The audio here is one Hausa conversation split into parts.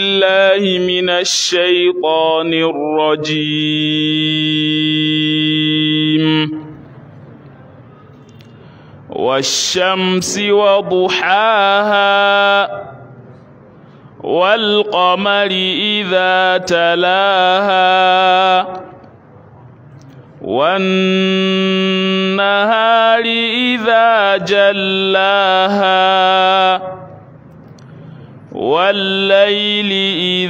الله من الشيطان الرجيم والشمس وضحاها والقمر إذا تلاها والنهار إذا جلاها والليل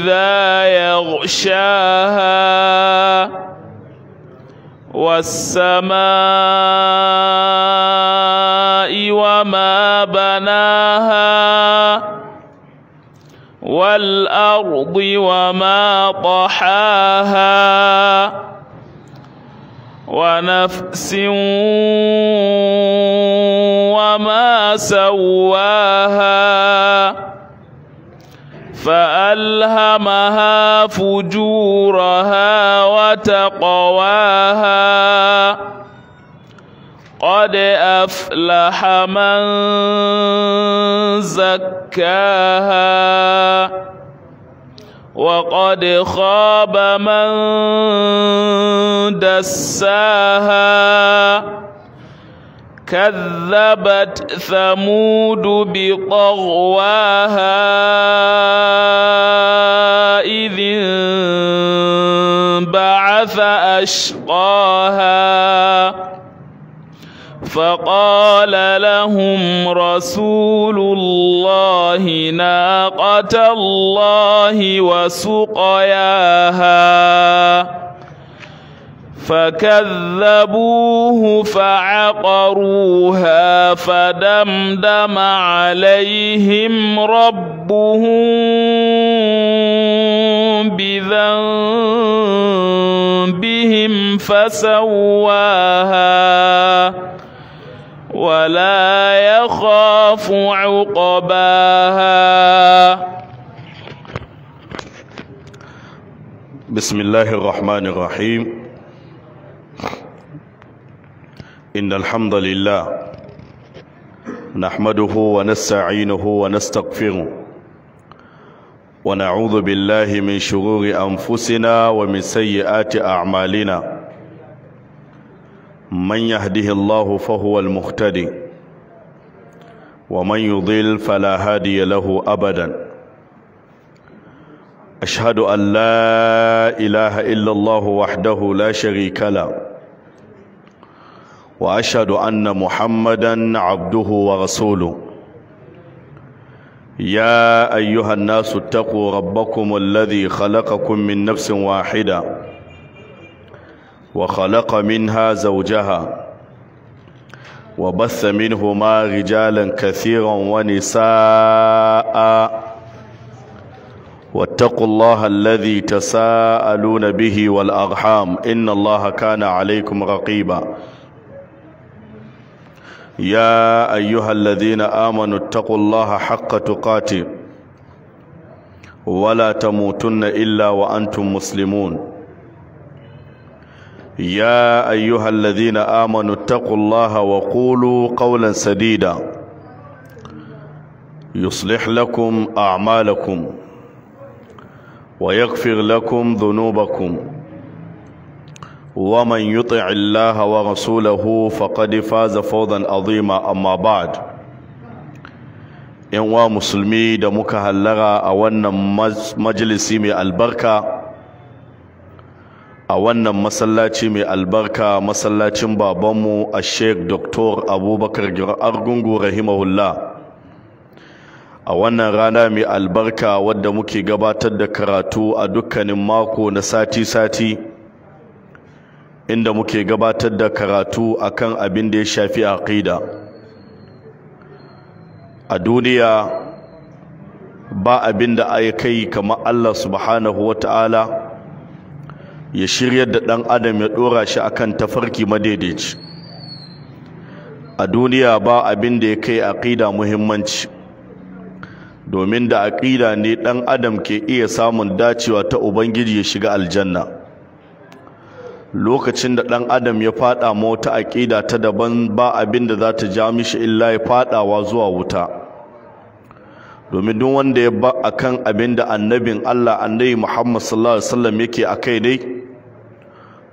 إذا يغشاها والسماء وما بناها والأرض وما طحاها ونفس وما سواها ألهمها فجورها وتقواها قد أفلح من زكاها وقد خاب من دساها كذبت ثمود بطغواها إذ انبعث أشقاها فقال لهم رسول الله ناقة الله وسقياها فكذبوه فعقروها فدمدم عليهم ربهم بذنبهم فسواها ولا يخاف عقباها بسم الله الرحمن الرحيم إن الحمد لله نحمده ونستعينه ونستغفره ونعوذ بالله من شرور أنفسنا ومن سيئات أعمالنا من يهده الله فهو المهتدي ومن يضل فلا هادي له أبدا أشهد أن لا إله إلا الله وحده لا شريك له واشهد ان محمدا عبده ورسوله يا ايها الناس اتقوا ربكم الذي خلقكم من نفس واحده وخلق منها زوجها وبث منهما رجالا كثيرا ونساء واتقوا الله الذي تساءلون به والارحام ان الله كان عليكم رقيبا يا أيها الذين آمنوا اتقوا الله حق تقاته ولا تموتن إلا وأنتم مسلمون يا أيها الذين آمنوا اتقوا الله وقولوا قولا سديدا يصلح لكم أعمالكم ويغفر لكم ذنوبكم ومن يطع الله ورسوله فقد فاز فوزا عظيما أما بعد إن مسلمي دمك هلغا أولنا مجلسي من البركة a wannan masallaci mai albarka masallacin babanmu a shek doktor abubakar argungu rahimahullah a wannan rana mai albarka wadda muke gabatar da karatu a dukkanin mako na sati-sati inda muke gabatar da karatu akan abin da ya shafi aqida a duniya ba abin da ya kai kamar Allah subhanahu ta'ala ya shirya da ɗan adam ya ɗora shi akan tafarki madaidaici a duniya ba abin da ya kai aqida muhimmanci domin da aqida ne ɗan adam ke iya samun dacewa ta ubangiji ya shiga aljanna lokacin da ɗan adam ya faɗa ma wata aƙida ta daban ba abin da za ta ja mishi illa ya fadawa zuwa wuta domin duk wanda ya ba kan abin da annabin Allah annabi Muhammad sallallahu alaihi wasallam yake akai dai.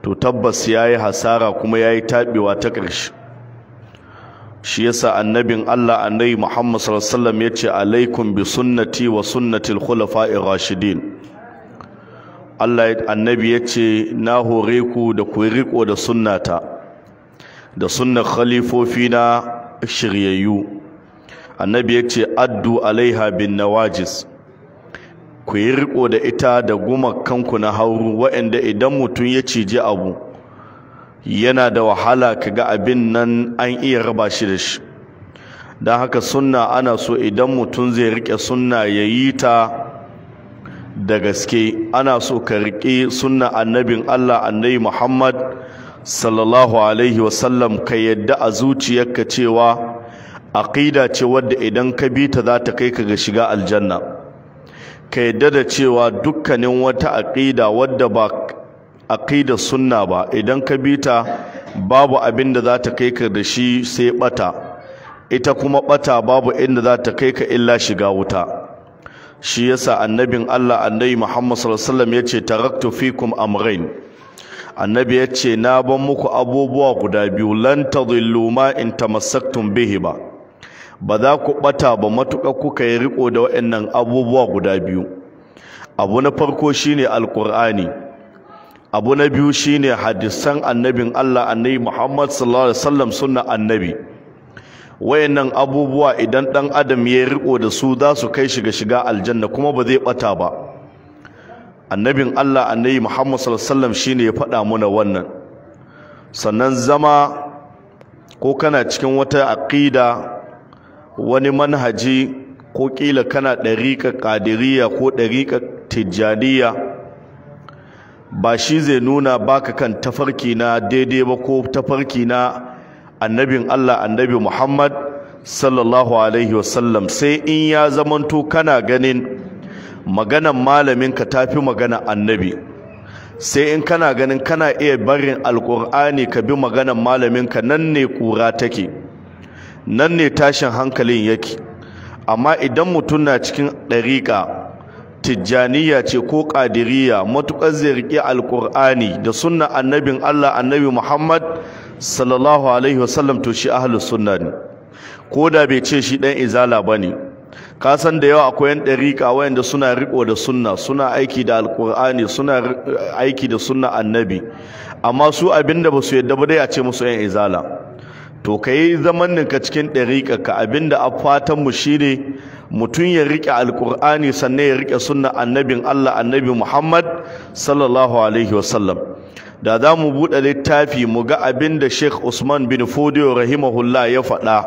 to tabbas yayi hasara kuma yayi tabewa ta ƙarshe shi yasa annabin Allah annabi Muhammad sallallahu alaihi wasallam yace alaikum bi sunnati wa sunnatil khulafa'ir rashidin Allah annabi ya ce na hore ku da ku riko da sunnata da sunnar khalifofi na shiryayyu annabi ya ce addu alaiha bin nawajis ku riko da ita da gumakanku na hauru waɗanda idan mutum ya cije abu yana da wahala kaga abin nan an iya raba shi da shi don haka sunna ana so idan mutum zai rike sunna ya yi ta da gaske ana so ka riƙe sunna annabin Allah annabi Muhammad sallallahu alaihi wasallam ka yadda a zuciyarka cewa aƙida ce wadda idan ka bi ta za ta kai ka ga shiga aljanna ka yadda da cewa dukkanin wata aqida wadda ba aqida sunna ba idan ka bi ta babu abin da za ta kai ka da shi sai bata ita kuma ɓata babu inda za ta kai ka illa shiga wuta shi yasa annabin Allah annabi Muhammad sallallahu alaihi wasallam yace taraktu fikum amrayn annabi yace na ban muku abubuwa guda biyu lan tadillu ma in tamassaktum bihi ba ba za ku bata ba matuƙa kuka yi riko da waɗannan abubuwa guda biyu abu na farko shine alqur'ani abu na biyu shine hadisan annabin Allah annabi Muhammad sallallahu alaihi wasallam sunna annabi wayannan abubuwa idan ɗan adam ya riko da su za su kai shiga shiga aljanna kuma ba zai bata ba annabin Allah annabi Muhammad sallallahu alaihi wasallam shine ya faɗa muna wannan sannan zama ko kana cikin wata aƙida wani manhaji ko ƙila kana dariqa ƙadiriya ko dariqa tijjaniya ba shi zai nuna baka kan tafarki na daidai ba ko tafarki na annabin Allah annabi Muhammad sallallahu alaihi wasallam sai in ya zamanto kana ganin maganan malaminka tafi magana annabi sai in kana ganin kana iya barin alkur'ani ka bi maganan malaminka nan ne kura take nan ne tashin hankalin yake amma idan mutum na cikin ɗariƙa tijjaniya ce ko ƙadiriya matuƙar zai riƙe da sunna annabin allah annabi muhammad sallallahu alaihi wasallam to shi ahlus sunna ne ko da bai ce shi dan izala bane ka san da yawa akwai yan dariƙa wayanda suna riko da sunna suna aiki da alqur'ani suna aiki da sunna annabi amma su abinda ba su yadda ba dai a ce musu yan izala to kai zaman ka cikin dariƙa ka abinda a fatan mu shine mutum ya rike alqur'ani sannan ya rike sunna annabin Allah annabi Muhammad sallallahu alaihi wasallam da za mu buɗe littafi mu ga abin da Sheikh Usman bin Fodiyo rahimahullah ya faɗa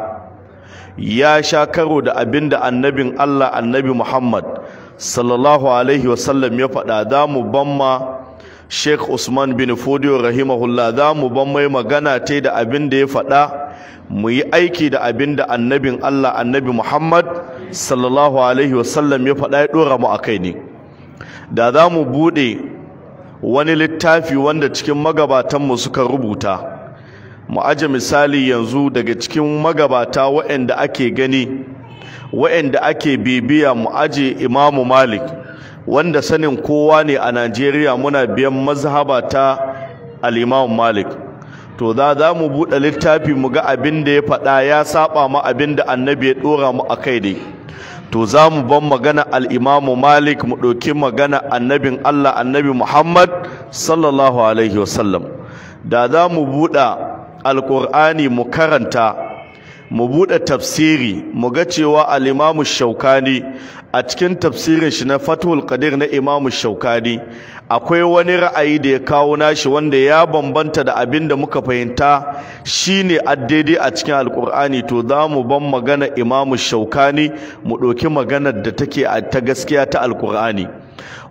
ya sha karo da abin da annabin Allah annabi Muhammad sallallahu alaihi wasallam ya faɗa za mu banma Sheikh Usman bin Fodiyo rahimahullah za mu ban mai magana ta da abin da ya faɗa mu yi aiki da abin da annabin Allah annabi Muhammad sallallahu alaihi wasallam ya faɗa ya ɗora mu a kai ne da za mu buɗe wani littafi wanda cikin magabatanmu suka rubuta mu aje misali yanzu daga cikin magabata waɗanda ake gani waɗanda ake bibiya mu aje imamu malik wanda sanin kowa ne a najeriya muna biyan mazhaba ta al'imamu malik to za za mu buɗe littafi mu ga abin da ya faɗa ya saba ma abin da annabi ya ɗora mu a kai dai to za mu ban magana al'imamu malik mu ɗauki magana annabin allah annabi muhammad sallallahu alaihi wasallam da za mu buɗa alƙur'ani mu karanta mu buɗe tafsiri mu ga cewa al'imamu shaukani a cikin tafsirin shi na Fathul Qadir na Imam Shaukani akwai wani ra'ayi da ya kawo nashi wanda ya bambanta da abin da muka fahimta shine addede a cikin Alkur'ani to za mu ban magana Imam Shaukani mu ɗauki maganar da take ta gaskiya ta Alkur'ani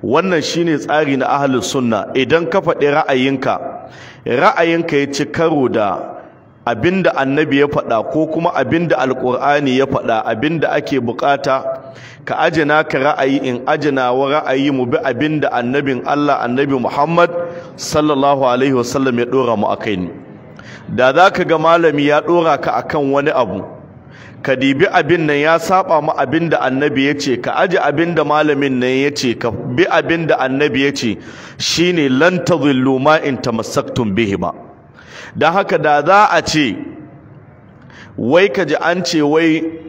wannan shine tsari na ahlus sunna idan ka faɗi ra'ayinka ra'ayinka ya ci karo da abinda annabi ya faɗa ko kuma abinda alƙur'ani ya faɗa abinda ake bukata ka ajina ka ra'ayi in ajina wa ra'ayi mu bi abin da annabin Allah annabi Muhammad sallallahu alaihi wasallam ya dora mu akai ne da za ka ga malami ya dora ka akan wani abu ka dibi abin nan ya saba mu abin da annabi ya ce ka aji abin da malamin nan ya ce ka bi abin da annabi ya ce shine lan tadhillu ma in tamassaktum bihi ba dan haka da za a ce wai ka ji an ce wai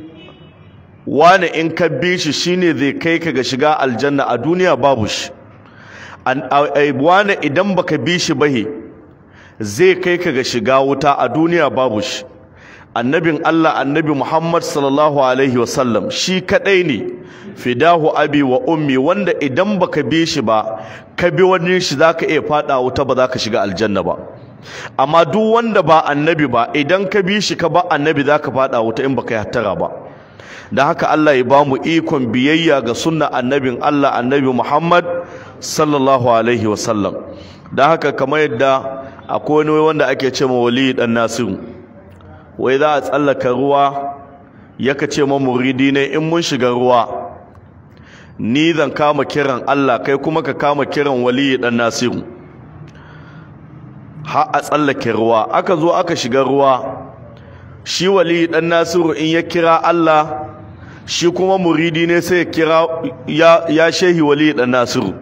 wani in ka bi shi shine zai kai ka ga shiga aljanna a duniya babu shi wani idan baka bi shi bahi zai kai ka ga shiga wuta a duniya babu shi annabin Allah annabi Muhammad sallallahu alaihi wasallam shi kadai ne fidahu abi wa ummi wanda idan baka bi shi ba ka bi wani shi zaka iya fada wuta ba zaka shiga aljanna ba amma duk wanda ba annabi ba idan ka bi shi ka ba annabi zaka fada wuta in baka yi hattara ba da haka Allah ya ba mu ikon biyayya ga sunna annabin Allah annabi Muhammad sallallahu alaihi wasallam da haka kamar yadda akwai wani wanda ake ce ma wali dan nasiru wai za a tsallaka ruwa yaka ce ma muridi ne in mun shiga ruwa ni zan kama kiran Allah kai kuma ka kama kiran wali dan nasiru ha a tsallake ruwa aka zo aka shiga ruwa shi wali dan nasiru in ya kira Allah shi kuma muridi ne sai kira ya ya shehi wali dan nasiru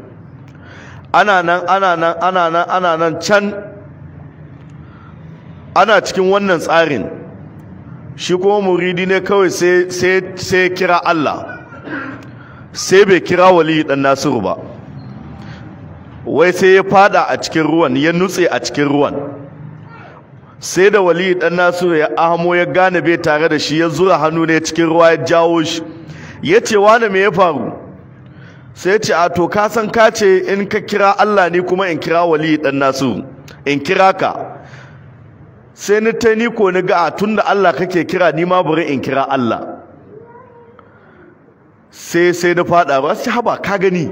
ana nan ana nan ana nan ana nan can ana cikin wannan tsarin shi kuma muridi ne kawai sai sai sai kira Allah sai bai kira wali dan nasiru ba wai sai ya fada a cikin ruwan ya nutse a cikin ruwan sai da wali dan nasu ya amo ya gane bai tare da shi ya zura hannu ne cikin ruwa ya jawo shi ya ce wani me ya faru sai ya ce a to ka san ka ce in ka kira Allah ni kuma in kira wali dan nasu in kira ka sai ni ta ni ko ni ga tun da Allah kake kira ni ma bari in kira Allah sai sai na fada ba sai haba ka gani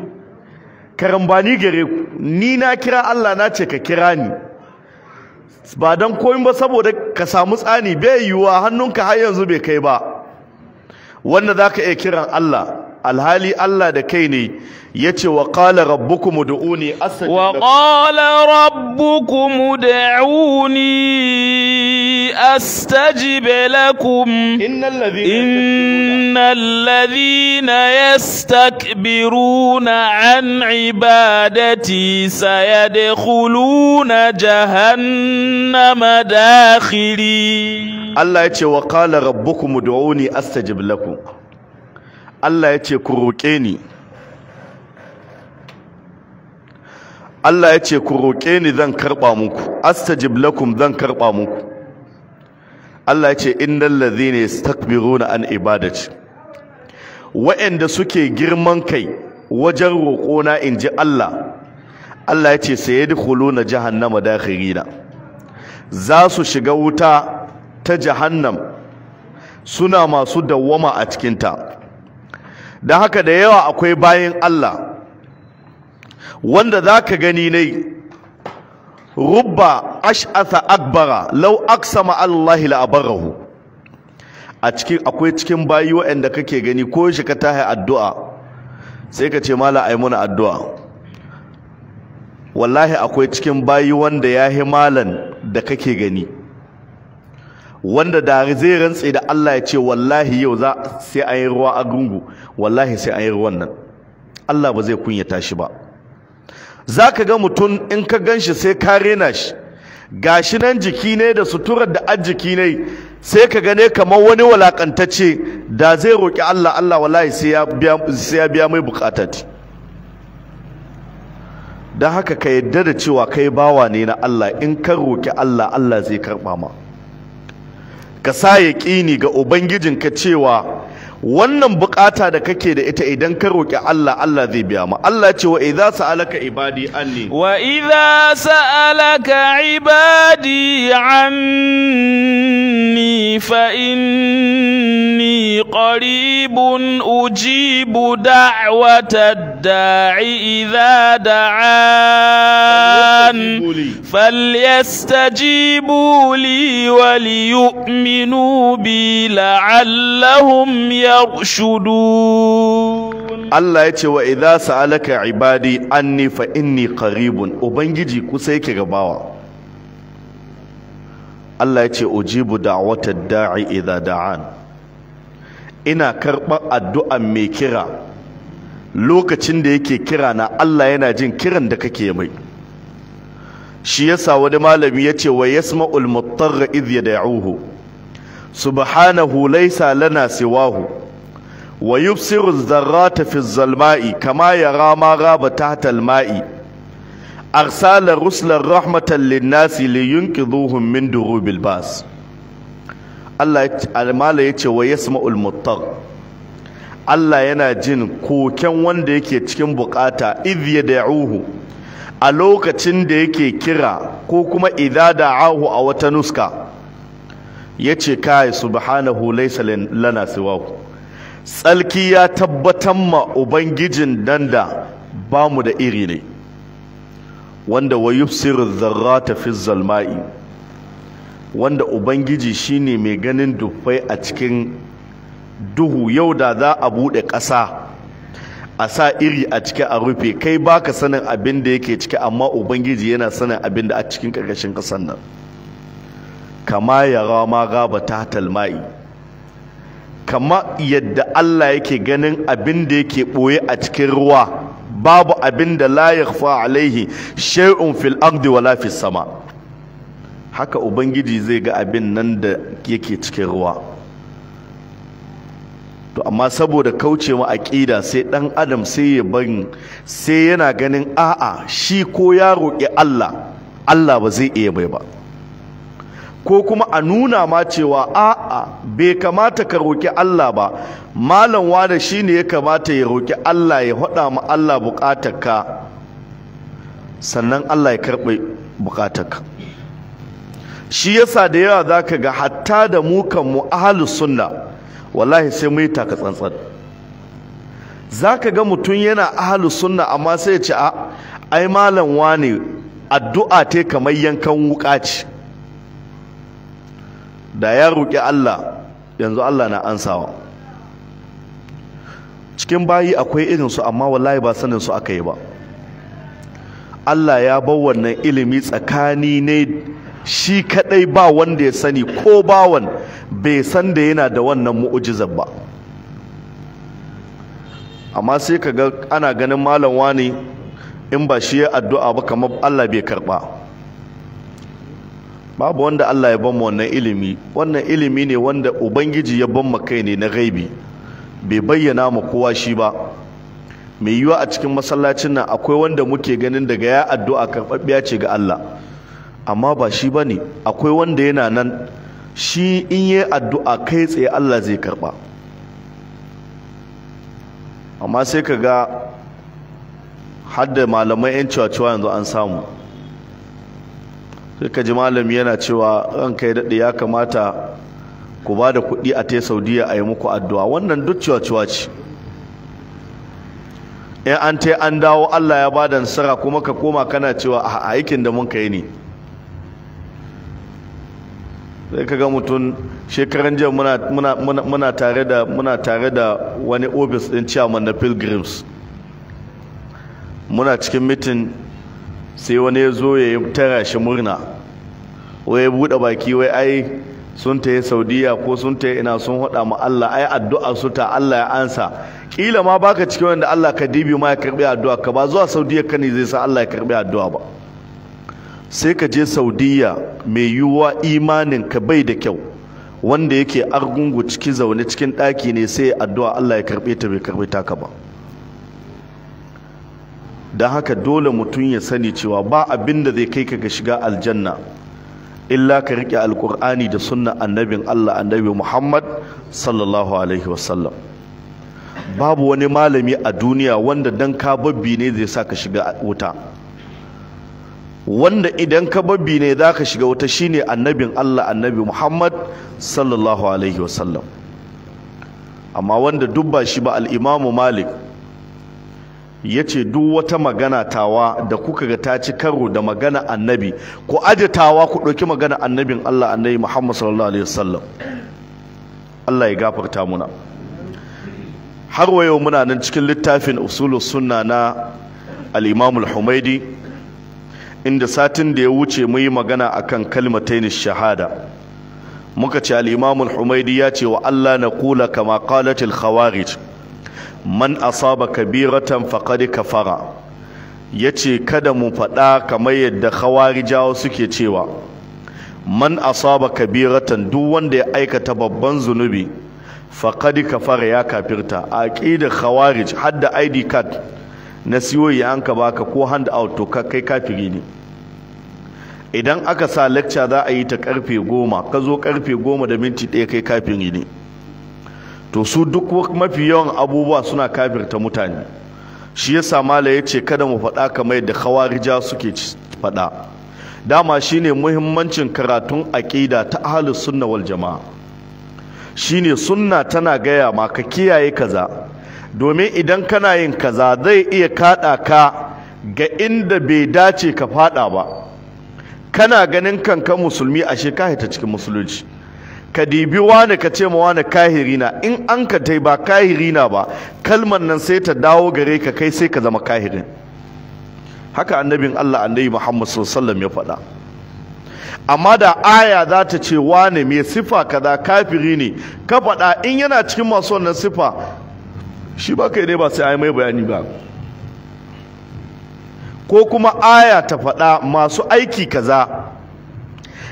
karambani gare ku ni na kira Allah na ce ka kira ni ba don koyin ba saboda ka samu tsani bai yiwuwa hannunka har yanzu bai kai ba wanda za ka iya kiran Allah alhali Allah da kai ne yace wa qala rabbukum ud'uni astajib wa qala rabbukum ud'uni astajib lakum innal ladhina yastakbiruna an ibadati sayadkhuluna jahannama dakhiri Allah ya yace wa qala rabbukum ud'uni astajib lakum Allah ya ce ku roƙe ni Allah ya ce ku roƙe ni zan karɓa muku astajib lakum zan karɓa muku Allah ya ce innal ladhina yastakbiruna an ibadati wa'anda suke girman kai wajen roƙona inji Allah Allah ya ce sayadkhuluna jahannama dakhirina za su shiga wuta ta jahannam suna masu dawwama a cikinta Da haka da yawa akwai bayan Allah wanda za ka gani ne rubba ash'atha akbara lau aksama Allah la'abarahu a cikin akwai cikin bayi waɗanda kake gani ko shi ka tahi addu'a sai ka ce mala ai muna addu'a wallahi akwai cikin bayi wanda ya malan da kake gani wanda da zai rantse da Allah ya ce wallahi yau za sai an yi ruwa a gungu wallahi sai an yi ruwan nan Allah ba zai kunyata shi ba za ka ga mutum in ka gan shi sai ka rena shi gashi nan jiki ne da suturar da ajiki ne sai ka gane kamar wani walakantacce da zai roƙi Allah Allah wallahi sai ya biya mai bukatati don haka ka yadda da cewa kai bawa ne na Allah in ka roƙi Allah Allah zai karɓa ma ka sa ƙini ga ubangijinka cewa wannan bukata da kake da ita idan ka roki Allah Allah zai biya ma Allah ce wa idza sa'alaka ibadi anni wa idza sa'alaka ibadi anni fa inni qaribun ujibu da'watad da'i idza da'an falyastajibu li wa liyu'minu bi la'allahum ya Allah ya ce wa idza sa'alaka ibadi anni fa inni أني ubangiji ku sai ke gabawa? Allah ya ce ujibu da'watad da'i idza da'an ina karɓar addu'an mai kira lokacin da yake kira na Allah yana jin kiran da kake mai shi yasa wani malami ce wa yasma'ul muttarra idh yad'uhu subhanahu laysa lana siwahu wa yubsiru dharrata fi zalma'i kama yara ma raba tahta alma'i arsala rusulan rahmatan linnasi liyunqidhuhum min durubil bas Allah almala yace wa yasma'ul muttar Allah yana jin koken wanda yake cikin buƙata bukata idh yad'uhu a lokacin da yake kira ko kuma idza da'ahu a wata nuska yace kai subhanahu laysa lana siwahu tsalki ya tabbatar ma ubangijin da ba mu da iri ne wanda wa yubsiru dharrata fi zalma'i wanda ubangiji shine mai ganin dufai a cikin duhu yau da za a bude ƙasa a sa iri a ciki a rufe kai baka sanin abin da yake ciki amma ubangiji yana sanin abin da a cikin ƙarƙashin ƙasan nan kama ya rama ma gaba ta talma'i kama yadda Allah yake ganin abin da yake ɓoye a cikin ruwa babu abin da la yakhfa alaihi shay'un fil ardi wala fis sama haka ubangiji zai ga abin nan da yake cikin ruwa to amma saboda kauce kaucewa aƙida sai ɗan adam sai ya bari sai yana ganin a'a shi ko ya roƙi Allah Allah ba zai iya bai ba ko kuma a nuna ma cewa a'a bai kamata ka roƙi Allah ba malam wada shine ya kamata ya roƙi Allah ya hada ma Allah bukatarka sannan Allah ya karbe bukatarka shi yasa da yawa zaka ga hatta da mu kan mu ahlus sunna wallahi sai mu yi taka tsantsan zaka ga mutum yana ahlus sunna amma sai ya ce a ai malam wane addu'a te kamar yankan wuka ce da ya roƙi Allah yanzu Allah na ansawa cikin bayi akwai irinsu amma wallahi ba sanin su aka yi ba Allah ya bar wannan ilimi tsakani ne shi kadai ba wanda ya sani ko bawan bai san da yana da wannan mu'ujizar ba amma sai ka ga ana ganin malam wani in ba shi ya addu'a ba kamar Allah bai karba babu wanda Allah ya ban wannan ilimi wannan ilimi ne wanda ubangiji ya ban kai ne na gaibi bai bayyana mu kowa shi ba mai yiwa a cikin masallacin nan akwai wanda muke ganin daga ya addu'a karɓaɓɓiya ce ga Allah amma ba shi bane akwai wanda yana nan shi in yi addu'a kai tsaye Allah zai karɓa amma sai ka ga hadda malamai 'yan cewa yanzu an samu suka ji malami yana cewa ranka kai daɗe ya kamata ku ba da kuɗi a ta saudiya a yi muku addu'a wannan duk cewa ce in an ta an dawo allah ya ba da nasara kuma ka koma kana cewa a aikin da mun kai ne sai ka ga mutum shekaran jiya muna tare da tare da wani ofis ɗin chairman na pilgrims muna cikin mitin sai wani ya zo ya yi tara shi murna wai buɗe baki wai ai sun ta saudiya ko sun ta ina sun haɗa ma Allah ai addu'a su ta Allah ya ansa kila ma baka cikin wanda Allah ka dibi ma ya karbi addu'a ka ba zuwa saudiya ka zai sa Allah ya karbi addu'a ba sai ka je saudiya mai yiwuwa imanin ka bai da kyau wanda yake argungu ciki zaune cikin ɗaki ne sai addu'a Allah ya karbe ta bai karbe ta ka ba don haka dole mutum ya sani cewa ba abinda zai kai ka ga shiga aljanna illa ka rike alkur'ani da sunan annabin Allah annabi Muhammad sallallahu alaihi wasallam babu wani malami a duniya wanda dan ka babbi ne zai sa ka shiga wuta wanda idan ka babbi ne za ka shiga wuta shine annabin Allah annabi Muhammad sallallahu alaihi wasallam amma wanda dubba shi ba al-Imam Malik Ya ce duk wata magana tawa da kuka ga ta ci karo da magana annabi ku aje tawa ku ɗauki magana annabin Allah annabi Muhammad sallallahu alaihi wasallam Allah ya gafarta muna har wayo muna nan cikin littafin usulu sunna na al al-Humaidi inda satin da ya wuce mu yi magana akan kalmatayn shahada muka ce al-Imam al-Humaidi ya ce wa Allah na kula kama qalatil khawarij man asaba kabiratan faqad kafara yace kada mu faɗa kamar yadda jawo suke cewa man asaba kabiratan duk wanda ya aikata babban zunubi faqad kafara ya kafirta A aqida khawarij hadda id card na siyoyi an ka baka ko hand out to kai kafiri ne idan aka sa lecture za a yi ta karfe goma ka zo karfe goma da minti ɗaya kai kafiri ne to su duk mafi yawan abubuwa suna kafirta mutane shi yasa mala ya ce kada mu faɗa kamar da khawarija suke faɗa dama shine muhimmancin karatun aƙida ta ahlus sunna wal jama'a shine sunna tana gaya ma ka kiyaye kaza domin idan kana yin kaza zai iya kaɗa ka ga inda bai dace ka faɗa ba kana ganin kanka musulmi ashe ka ta cikin musulunci ka dibi wani ka ce ma wani kahirina in an ka tai ba kahirina ba kalmar nan sai ta dawo gare ka kai sai ka zama kahirin haka annabin Allah annabi Muhammad sallallahu ya faɗa amma da aya za ta ce wane mai sifa kaza kafiri ne ka faɗa in yana cikin masu wannan sifa shi ba kai ne ba sai ai mai bayani ba ko kuma aya ta faɗa masu aiki kaza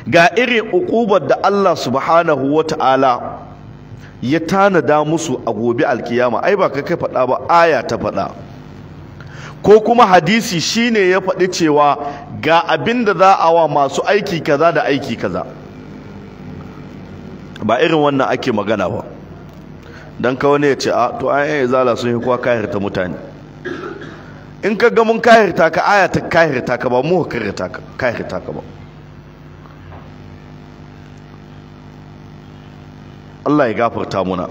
ga irin ukubar da Allah subhanahu wa ta'ala ya tanada musu a gobe alkiyama ai ba ka kai faɗa ba aya ta faɗa ko kuma hadisi shine ya faɗi cewa ga abin da za a wa masu aiki kaza da aiki kaza ba irin wannan ake magana ba don ka wani ya ce a to an ya zala sun yi kuwa kahirta mutane in ka ga mun kahirta ka aya ta kahirta ka ba mu kahirta ka ba Allah ya gafarta muna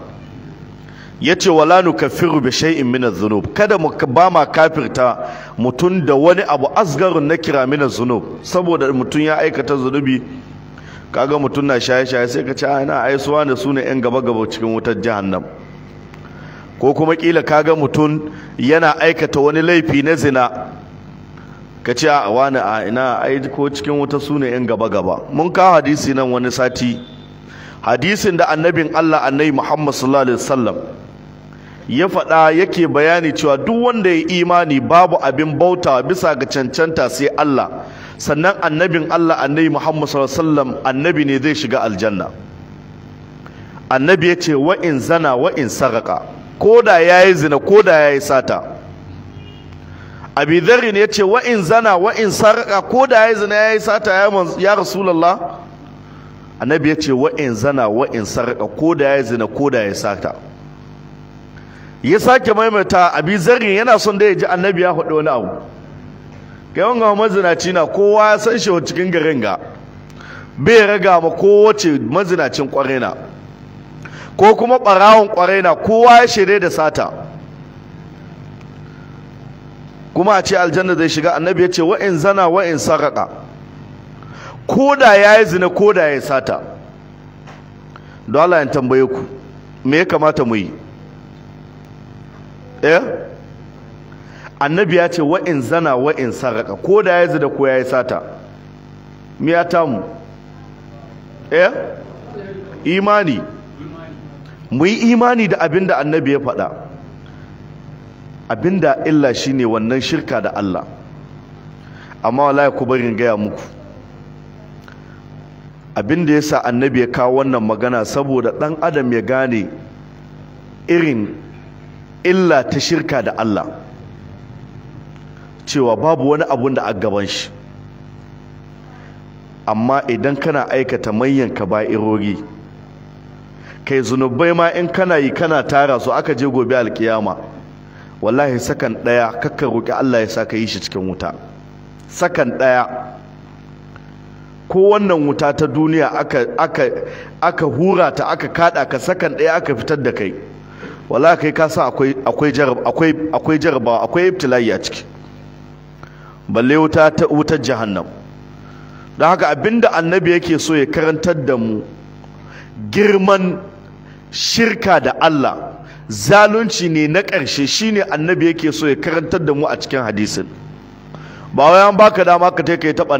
yace wala nukaffiru bi shay'in min adh-dhunub kada mu ba ma kafirta mutum da wani abu asgarun na min adh-dhunub saboda mutun ya aikata zunubi kaga mutun na shaye-shaye sai ka ce ana ah, aisuwa da su yan gaba-gaba cikin wutar jahannam ko kuma kila kaga mutun yana aikata wani laifi na zina ka ce a ah, wani a ah, ina ai cikin wuta su yan gaba-gaba mun kawo hadisi nan wani sati hadisin da annabin Allah annai Muhammad sallallahu alaihi wasallam ya faɗa yake bayani cewa duk wanda ya imani babu abin bauta bisa ga cancanta sai Allah sannan annabin Allah annai Muhammad sallallahu alaihi wasallam annabi ne zai shiga aljanna annabi ya ce wa in zana wa in saraka koda yayi zina koda yayi sata abi dharrin ya ce wa in zana wa in sarqa koda yayi zina yayi sata ya rasulullah annabi ya ce wa'in zana wa'in sarƙa ko da ya zina ko da ya sata ya sake maimaita abi zarri yana son da ya ji annabi ya faɗi wani abu kai wanga mazinaci na kowa ya san shi cikin garin ga bai raga ma kowace mazinacin ƙwarena ko kuma ɓarawon ƙwarena kowa ya shaidai da sata kuma a ce aljanna zai shiga annabi ya ce wa'in zana wa'in sarƙa. ko da ya yi zina ko da ya yi sata don Allah ya tambaye ku me ya kamata mu yi eh annabi ya ce wa'in zana wa'in saraka ko da ya yi zina ko ya yi sata mu ya tamu eh imani mu yi imani da abin da annabi ya faɗa abin da illa shine wannan shirka da Allah amma wala ku barin gaya muku abin da ya sa annabi ya kawo wannan magana saboda ɗan adam ya gane irin illa ta shirka da Allah cewa babu wani abun da a gaban shi amma idan kana aikata manyan ka kaba'irori kai zunubai ma in kana yi kana tara su aka je gobe alkiyama wallahi sakan ɗaya kakka roƙi Allah ya sa ka yi shi cikin wuta sakan ɗaya. ko wannan wuta ta duniya aka hura ta aka kada ka sakan ɗaya aka fitar da kai wala kai ka sa akwai jarabawa akwai ibtilayi a ciki balle wuta ta wutar jahannam don haka abinda annabi yake so ya karantar da mu girman shirka da Allah zalunci ne na ƙarshe shine annabi yake so ya karantar da mu a cikin hadisin ba wai an baka dama ka ta kai ta ba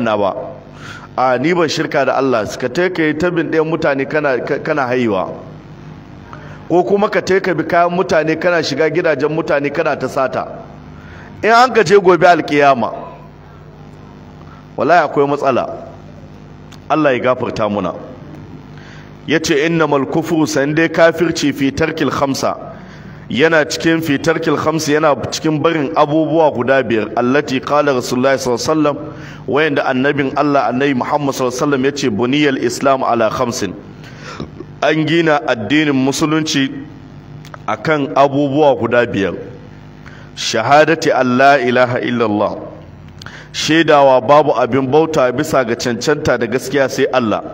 a ni ban shirka da Allah ka ta yi tabin ɗayan mutane kana haihuwa ko kuma ka ta bi kayan mutane kana shiga gidajen mutane kana ta sata in an gaje gobe alkiyama wallahi akwai matsala Allah ya gafarta muna yace innamal kufru san dai kafirci fi tarkil khamsa yana cikin fitarkil khamsi yana cikin barin abubuwa guda biyar allati qala rasulullahi sallallahu alaihi wasallam wayanda annabin Allah annabi Muhammad sallallahu alaihi wasallam yace buniyal islam ala khamsin an gina addinin musulunci akan abubuwa guda biyar shahadati alla ilaha illallah shaidawa babu abin bauta bisa ga cancanta da gaskiya sai Allah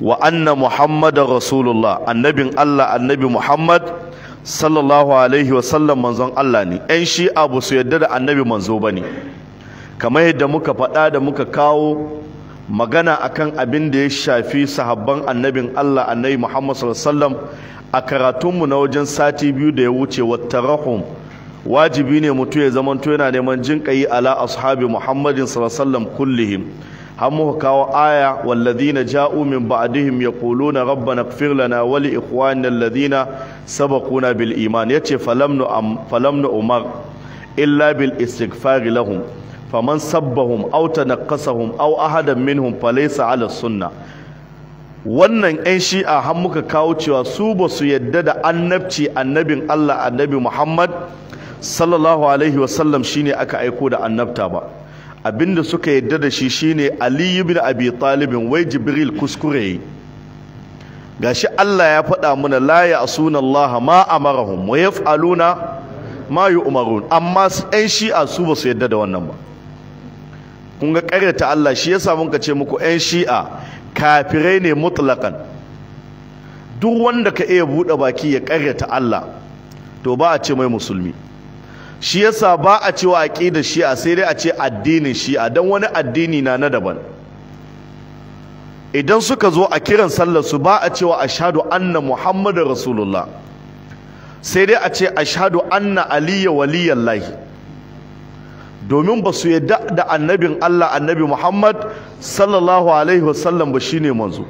wa anna muhammadar rasulullah annabin Allah annabi Muhammad sallallahu alaihi wasallam manzon Allah ne ɗan shi'a ba su yadda da annabi manzo ba ne kamar yadda muka faɗa da muka kawo magana akan abin da ya shafi sahabban annabin Allah annabi Muhammad sallallahu alaihi a karatunmu na wajen sati biyu da ya wuce wattarahum wajibi ne mutum ya zamanto yana neman jinƙayi ala ashabi Muhammadin sallallahu alaihi kullihim har muka kawo aya walladhina ja'u min ba'dihim yaquluna rabbana ighfir lana wa li ikhwanina alladhina sabaquna bil iman yace falamnu am falamnu umar illa bil istighfar lahum faman sabbahum aw tanaqqasahum aw ahadan minhum falaysa ala sunnah wannan 'yan shi'a har muka kawo cewa su ba su yadda da annabci annabin Allah annabi Muhammad sallallahu alaihi wasallam shine aka aiko da annabta ba abinda suka yadda da shi shine Ali ibn Abi talibin wai Jibril kuskure gashi Allah ya faɗa mana la ya'suna Allah ma amarahum wa yaf'aluna ma yu'marun amma ɗan shi'a su ba su yadda da wannan ba kun ga ƙaryata Allah shi yasa mun ka ce muku ɗan shi'a kafirai ne mutlakan duk wanda ka iya buɗe baki ya ƙaryata Allah to ba a ce mai musulmi shi yasa ba a cewa aqidar shi'a sai dai a ce addinin shi'a dan wani addini na na daban idan suka zo a kiran sallar su ba a cewa ashhadu anna muhammadar rasulullah sai dai a ce ashhadu anna Aliya waliyallahi domin ba su yadda da annabin Allah annabi Muhammad sallallahu alaihi wasallam ba shine manzo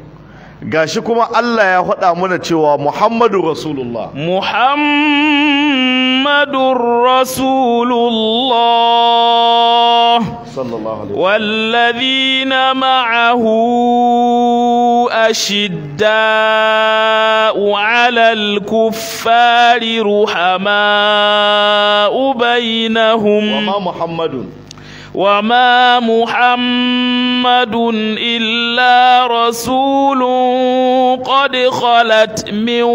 gashi kuma Allah ya faɗa mana cewa Muhammadu Rasulullah Muhammad محمد رسول الله والذين معه أشداء على الكفار رحماء بينهم وما محمد وما محمد إلا رسول قد خلت من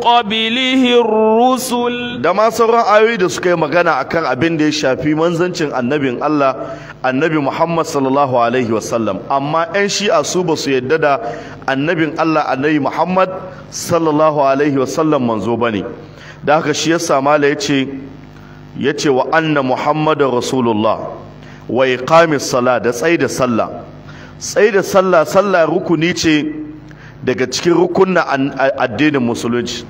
قبله الرسل da ma sauran ayoyi da suka yi magana akan abin da ya shafi manzancin annabin Allah annabi Muhammad sallallahu alaihi wasallam amma 'yan shi'a su ba su yadda da annabin Allah annabi Muhammad sallallahu alaihi wasallam manzo bane da haka shi yasa mala yace yace wa anna Muhammadar rasulullah wa iqamis sala da tsaida sallah tsaida sallah sallah rukuni ce daga cikin rukunna addinin musulunci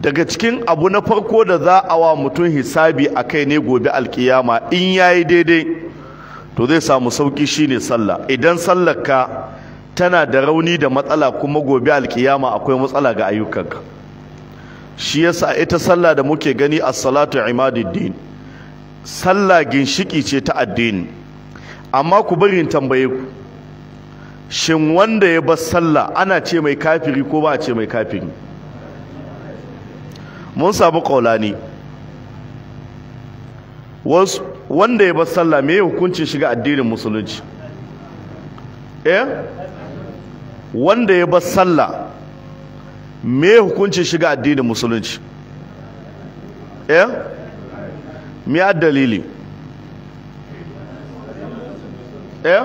daga cikin abu na farko da za a wa mutum hisabi a kai ne gobe alkiyama in yayi daidai to zai samu sauki shine sallah idan sallarka tana da rauni da matsala kuma gobe alkiyama akwai matsala ga ayyukanka shi yasa ita sallah da muke gani as-salatu imaduddin sallah ginshiki ce ta addini amma ku bari in tambaye ku shin wanda ya bar sallah ana ce mai kafiri ko ba a ce mai kafiri mun samu kaulani wanda ya bar sallah me hukuncin shiga addinin musulunci eh wanda ya bar sallah me hukuncin shiga addinin musulunci eh miya dalili eh?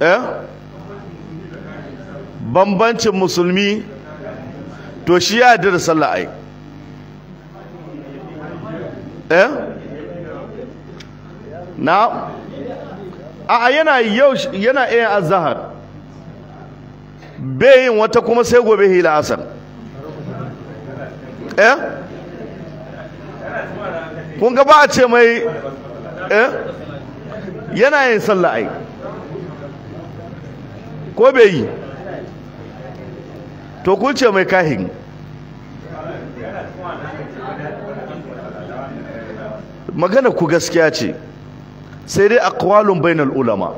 eh bambancin musulmi to shi ya yarda da sallah ai eh na a yana yau yana iya azhar bai wata kuma sai gobe hila asar eh kun ga ba a ce mai eh yana yin sallah ai ko bai yi to kun ce mai kahin magana ku gaskiya ce sai dai a aqwalun bainar ulama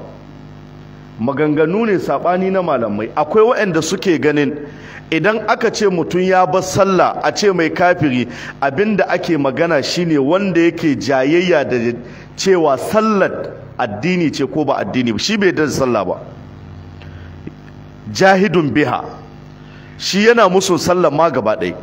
maganganu ne saɓani na malamai akwai waɗanda suke ganin idan aka ce mutum ya bar sallah a ce mai kafiri abinda ake magana shine wanda yake jayayya da cewa sallar addini ce ko ba addini ba shi bai da sallah ba jahidun biha shi yana musu sallar ma gaba ɗaya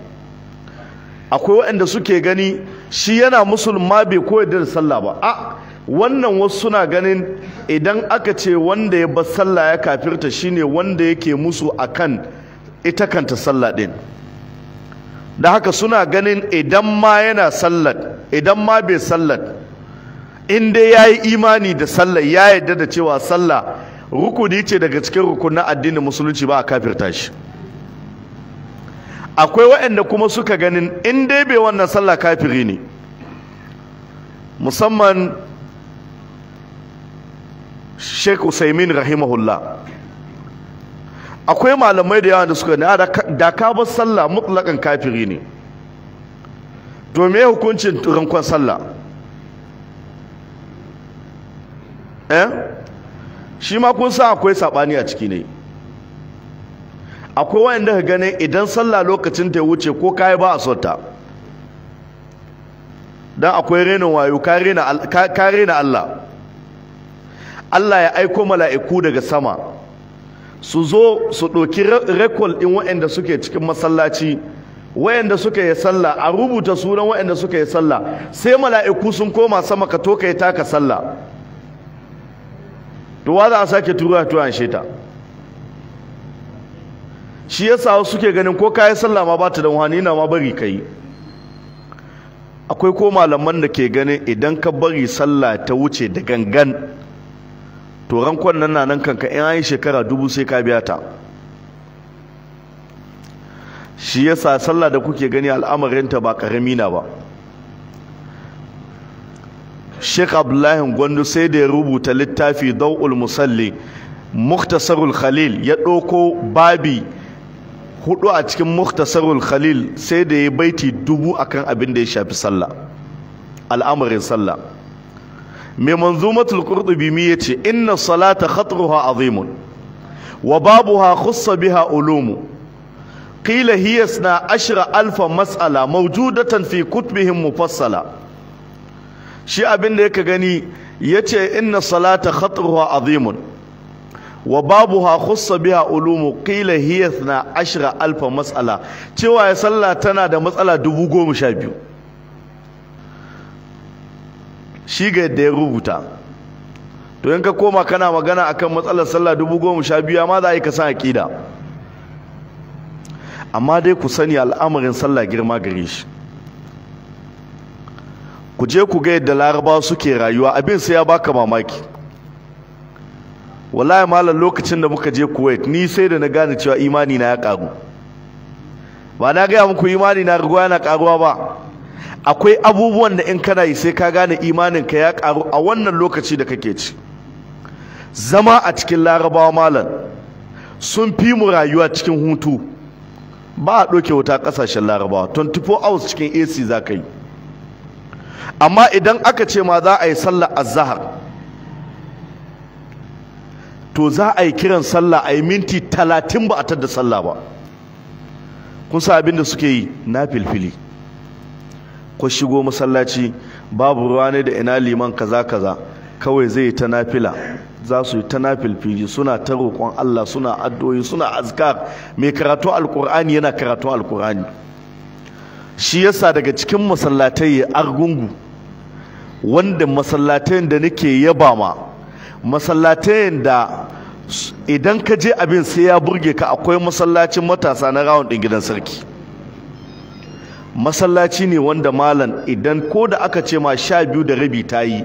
akwai waɗanda suke gani shi yana musulma bai koyar da sallah ba a wannan wasu suna ganin idan aka ce wanda ya bar sallah ya kafirta shine wanda yake musu akan ita kanta sallah din da haka suna ganin idan ma yana sallah idan ma bai sallah in dai ya yi imani da sallah ya yarda da cewa sallah rukuni ce daga cikin rukunin addinin musulunci ba a kafirta shi akwai waɗanda kuma suka ganin in dai bai wannan sallah kafiri ne musamman Sheikh Usaimin rahimahullah akwai malamai da yawa da suka ne ah, da ka bar sallah mutlakan kafiri ne to me hukuncin rankon sallah eh shi ma kun san akwai sabani a ciki ne akwai wanda ka ganin idan sallah lokacin ta wuce ko kai ba a sota dan akwai renin wayo ka rena Allah Allah ya aiko mala'iku daga sama su zo su ɗauki rekol din waɗanda suke cikin masallaci waɗanda suka yi sallah a rubuta sunan waɗanda suka yi sallah sai mala'iku sun koma sama ka toka taka sallah to wa za a sake tura tuwa sheta shi yasa wasu suke ganin ko kayi sallah ma ba ta da wani na ma bari kai akwai ko malaman da ke ganin idan ka bari sallah ta wuce da gangan to rankon nan na nan kanka in an shekara dubu sai ka biya ta shi yasa sallah da kuke gani al'amarinta ba karami na ba Sheikh Abdullahi Gwandu sai da ya rubuta littafi Daw'ul Musalli Muktasarul Khalil ya ɗauko babi hudu a cikin Muktasarul Khalil sai da ya baiti dubu akan abin da ya shafi sallah al'amarin sallah mai manzumatul qurtubi mi yace inna salata khatruha azimun wa babuha khussa biha ulumu qila hiya sna ashra alfa mas'ala mawjudatan fi kutubihim mufassala shi abin da yake gani yace inna salata khatruha azimun wa babuha khussa biha ulumu ƙila hiya na ashra alfa mas'ala cewa ya sallah tana da matsala dubu goma sha biyu shi ga yadda ya rubuta to in ka koma kana magana akan matsalar sallah dubu goma sha biyu ma za a yi ka san aƙida amma dai ku sani al'amarin sallah girma gare shi ku je ku ga yadda laraba suke rayuwa abin sai ya baka mamaki wallahi malam lokacin da muka je kuwait ni sai da na gane cewa imani na ya karu ba na gaya muku imani na rigoya na karuwa ba akwai abubuwan da in kana yi sai ka gane imanin ka ya karu a wannan lokaci da kake ci zama a cikin larabawa malam sun fi mu rayuwa cikin hutu ba a ɗauke wuta ƙasashen larabawa 24 hours cikin ac za ka yi amma idan aka ce ma za a yi a zahar, to za a yi kiran sallah a yi minti talatin ba a tadda sallah ba kun sa abin da suke yi na filfili ko shigo masallaci babu ruwa ne da ina liman kaza kaza kawai zai ta nafila za su yi ta nafilfili suna ta roƙon Allah suna addu'o'i suna azkar mai karatu alkur'ani yana karatu alkur'ani shi yasa daga cikin masallatai ya argungu wanda masallatayin da nake yaba ma masallatayin da idan ka je abin sai ya burge ka akwai masallacin matasa na rawan ɗin gidan sarki masallaci ne wanda malam idan ko da aka ce ma sha biyu da rabi ta yi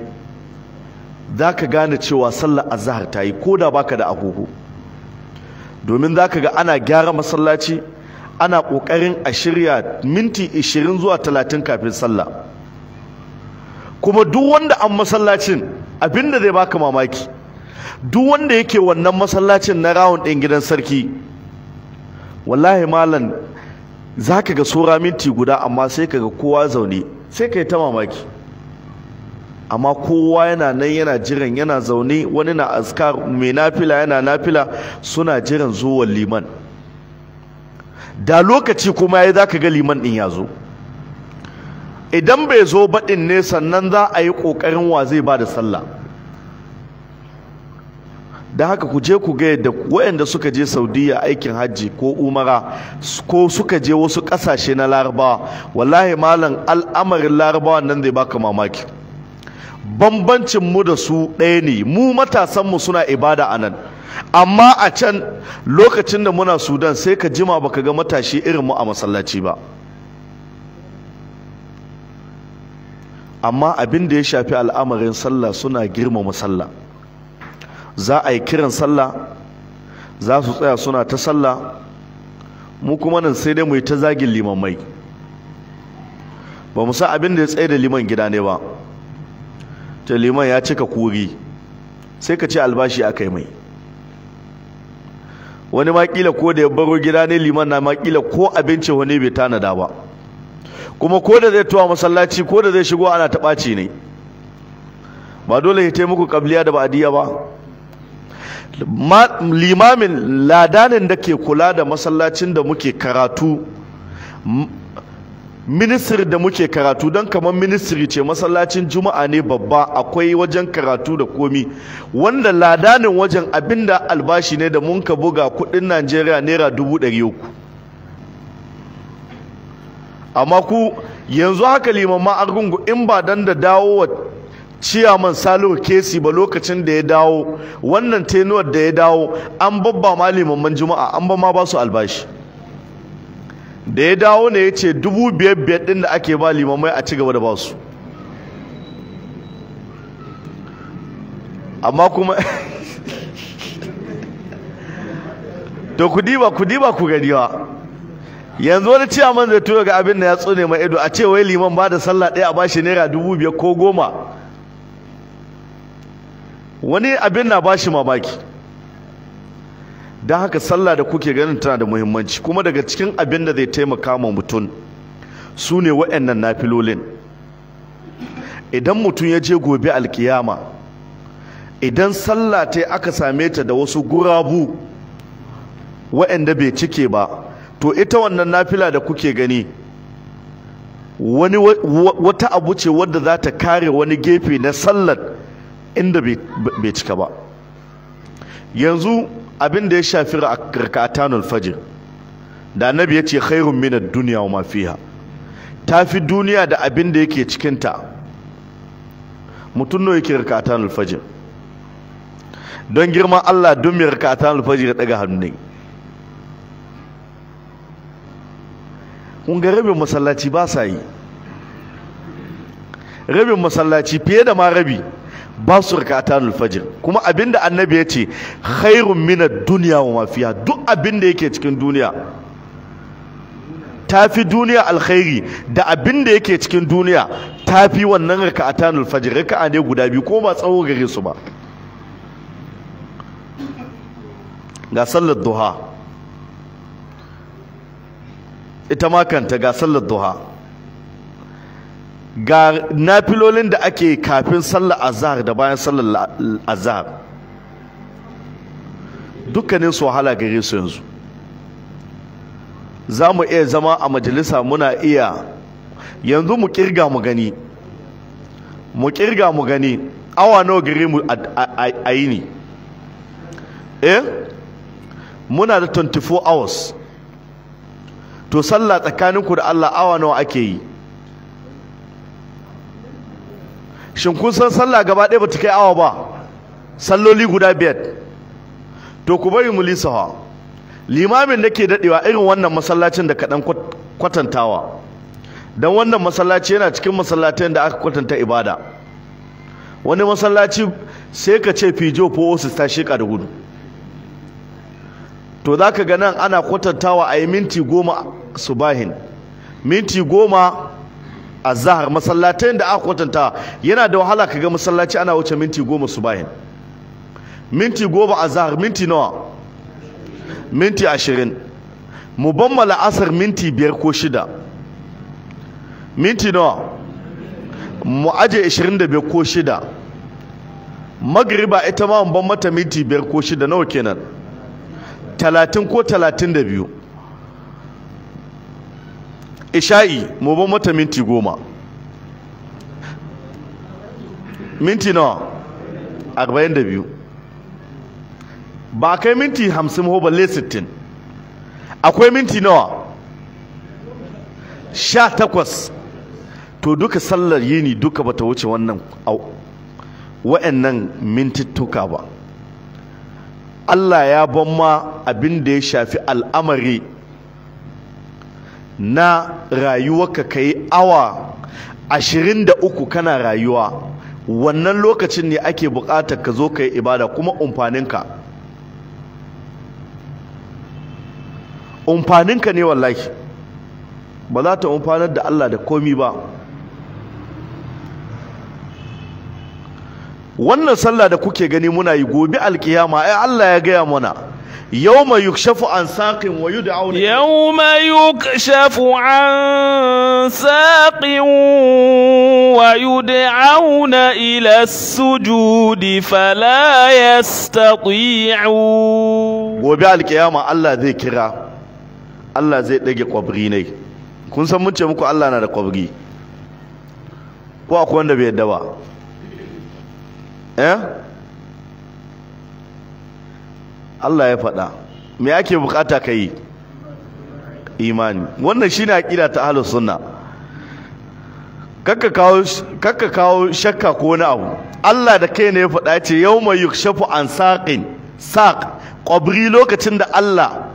za ka gane cewa sallar azahar ta yi ko da baka da agogo domin za ka ga ana gyara masallaci ana ƙoƙarin a shirya minti 20 zuwa talatin kafin sallah kuma duk wanda an masallacin abinda zai baka mamaki duk wanda yake wannan masallacin na rawun ɗin gidan sarki wallahi malam za ka ga tsora minti guda amma sai ka ga kowa zaune sai ka yi ta mamaki amma kowa yana nan yana jiran yana zaune wani na askar mai nafila yana nafila suna jiran zuwan liman da lokaci kuma ya za ka ga liman ɗin ya zo idan bai zo baɗin ne sannan za a yi ƙoƙarin wa zai ba da sallah da haka ku je ku ga yadda waɗanda suka je saudiya aikin hajji ko umara ko suka je wasu ƙasashe na larabawa wallahi malam al'amarin larabawa nan zai baka mamaki bambancin mu da su ɗaya ne mu matasanmu suna ibada a nan amma a can lokacin da muna sudan sai ka jima baka ga matashi irin mu a masallaci ba amma abin da ya shafi al'amarin sallah suna girmama sallah za a yi kiran sallah za su tsaya suna ta sallah mu kuma nan sai dai mu yi ta zagin limamai ba mu sa abin da ya tsaye da liman gida ne ba ta liman ya cika kuri sai ka ce albashi aka yi mai wani makila ko da ya baro gida ne liman na makila ko abinci wani bai tanada ba kuma ko da zai tuwa masallaci ko da zai shigo ana taɓaci ne ba dole ya taimaku kabliya da ba'adiyya ba limamin ladanin da ke kula da masallacin da muke karatu ministry da muke karatu don kamar ministry ce masallacin juma'a ne babba akwai wajen karatu da komi wanda ladanin wajen abinda albashi ne da mun ka buga kudin najeriya naira dubu ɗari uku amma ku yanzu haka limamma argungu in ba dan da dawo ciyaman salihu kesi ba lokacin da ya dawo wannan tenuwar da ya dawo an babba ma limamman juma'a an ba ma ba su albashi da ya dawo ne ya ce dubu biyar biyar ɗin da ake ba limamai a ci gaba da ba su amma kuma to ku diba ku diba ku gani ba yanzu wani ciyaman zai tuyo ga abin da ya tsone mai ido a ce wai liman ba da sallah ɗaya a bashi naira dubu biyar ko goma wani abin na ba shi mamaki don haka sallah da kuke ganin tana da muhimmanci kuma daga cikin abin da zai taimaka ma mutum su ne wa'annan nafilolin idan mutum ya je gobe alkiyama idan sallah ta aka same ta da wasu gurabu wa'anda bai cike ba to ita wannan nafila da kuke gani wani wata abu ce wadda za ta kare wani gefe na sallar inda bai cika ba yanzu abin da ya shafi raka'atanul alfajir da annabi ya ce khairun minad dunya wa ma tafi duniya da abin da yake cikin ta mutum nawa yake raka'atanul alfajir don girman Allah don mai raka'atanul ya daga hannu ne kun ga rabin masallaci ba sa yi rabin masallaci fiye da ma rabi ba su rakatan alfajir kuma abinda annabi ya ce khairun mina duniya wa mafiya duk abinda yake cikin duniya tafi duniya alkhairi da abinda yake cikin duniya tafi wannan rakatan alfajir raka'a ne guda biyu ko ba tsawo gare su ba ga sallar duha ita ma kanta ga sallar duha ga nafilolin da ake kafin sallar azhar da bayan sallar azhar dukkanin su wahala gare su yanzu za mu iya zama a majalisa muna iya yanzu mu kirga mu gani mu kirga mu gani awa nawa gare mu a yi ne eh muna da 24 hours to sallah tsakaninku da Allah awa nawa ake yi shin kun san sallah gaba ɗaya bata kai awa ba salloli guda biyar to ku bari mu lisawa limamin da ke daɗewa irin wannan masallacin da kaɗan kwatantawa don wannan masallaci yana cikin masallaci da aka kwatanta ibada wani masallaci sai ka ce fijo ko osis ta sheƙa da gudu to za ka nan ana kwatantawa a yi minti goma subahin minti goma Azahar masallatayin da aka kwatanta yana da wahala kaga masallaci ana wuce minti goma su bayan minti goma zahar minti nawa minti ashirin mu bammala asar minti biyar ko shida minti nawa mu aje ashirin da biyar ko shida magriba ita ma mu ban mata minti biyar ko shida nawa kenan talatin ko talatin da biyu isha'i mu ban mata minti goma minti nawa arba'in da biyu ba kai minti hamsin ho balle sittin akwai minti nawa sha takwas to duka sallar yini duka bata wuce wannan wa'annan mintittuka ba Allah ya ban ma abin da ya shafi al'amari na rayuwarka ka yi awa ashirin da uku kana rayuwa wannan lokacin ne ake buƙatar ka zo ka yi ibada kuma umfaninka umfaninka ne wallahi ba za ta umfanar da Allah da komi ba wannan sallah da kuke gani muna yi gobe alkiyama ai Allah ya gaya mana يوم يكشف عن ساق ويدعون يوم يكشف عن ساق ويدعون إلى السجود فلا يستطيعون وبعلك يا ما الله ذكرى الله زيد لك قبريني كن san مكو الله muku قبري na da kwabri الدواء akwai Allah ya faɗa me ake bukata ka yi imani wannan shine aqida ta ahlus sunna kakka kawo kakka shakka ko wani abu Allah da kai ne ya faɗa ce yawma yukshafu an saqin saq qabri lokacin da Allah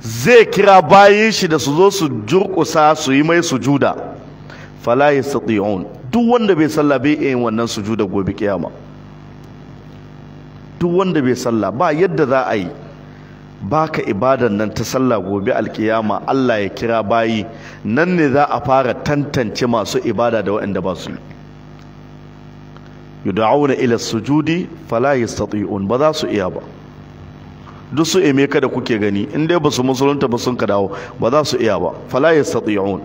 zai kira bayan shi da su zo su jurkusa su yi mai sujuda fala yastati'un duk wanda bai san bai yin wannan sujuda gobe kiyama duk wanda bai sallah ba yadda za a yi baka ibadan nan ta sallah gobe alkiyama Allah ya kira bayi nan ne za a fara tantance masu ibada da waɗanda ba su yi yud'auna ila sujudi fala yastati'un ba za su iya ba duk su eme ka da kuke gani in dai ba su musulunta ba sun ka dawo ba za su iya ba fala yastati'un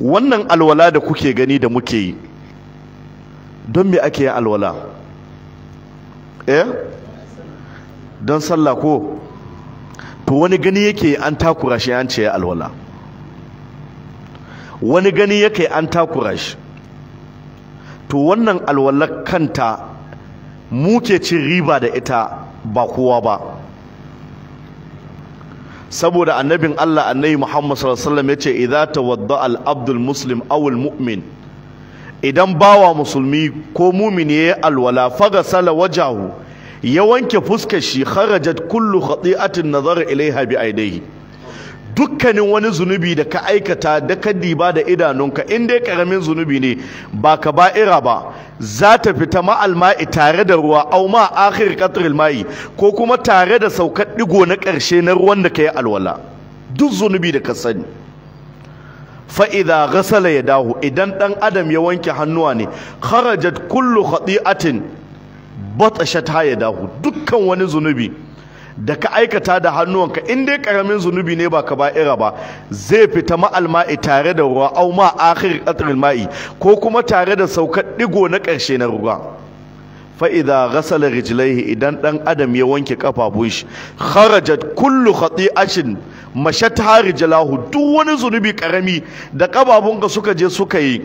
wannan alwala da kuke gani da muke yi don me ake yin alwala eh don sallah ko to wani gani yake an takura shi an ce alwala wani gani yake an takura shi to wannan alwala kanta muke cin riba da ita ba kowa ba saboda annabin Allah annabi Muhammad sallallahu alaihi wasallam yace idza tawadda al abdul muslim aw al mu'min idan bawa musulmi ko mumini ya alwala fagasala wajahu ya wanke fuskar shi kharajat kullu khati'atin nazar ilaiha bi aidaihi dukkanin wani zunubi da ka aikata da ka diba da idanunka in dai karamin zunubi ne ba ka ba ira ba za ta fita ma'al ma'i tare da ruwa au ma akhir qatril ma'i ko kuma tare da saukar digo na karshe na ruwan da ka yi alwala duk zunubi da ka sani fa'ida idza ya dahu idan ɗan adam ya wanke hannuwa ne kharajat kullu khati'atin ya dahu dukkan wani zunubi da ka aikata da hannuwanka in dai karamin zunubi ne ba ka ira ba zai fita ma'alma'i tare da ruwa au ma akhir ma'i ko kuma tare da saukar ɗigo na ƙarshe na ruwa fa'iza ghasala rijlaihi idan ɗan adam ya wanke kafafun shi kharajat kullu khati'atin mashatha rijlahu duk wani zunubi karami da kafafunka suka je suka yi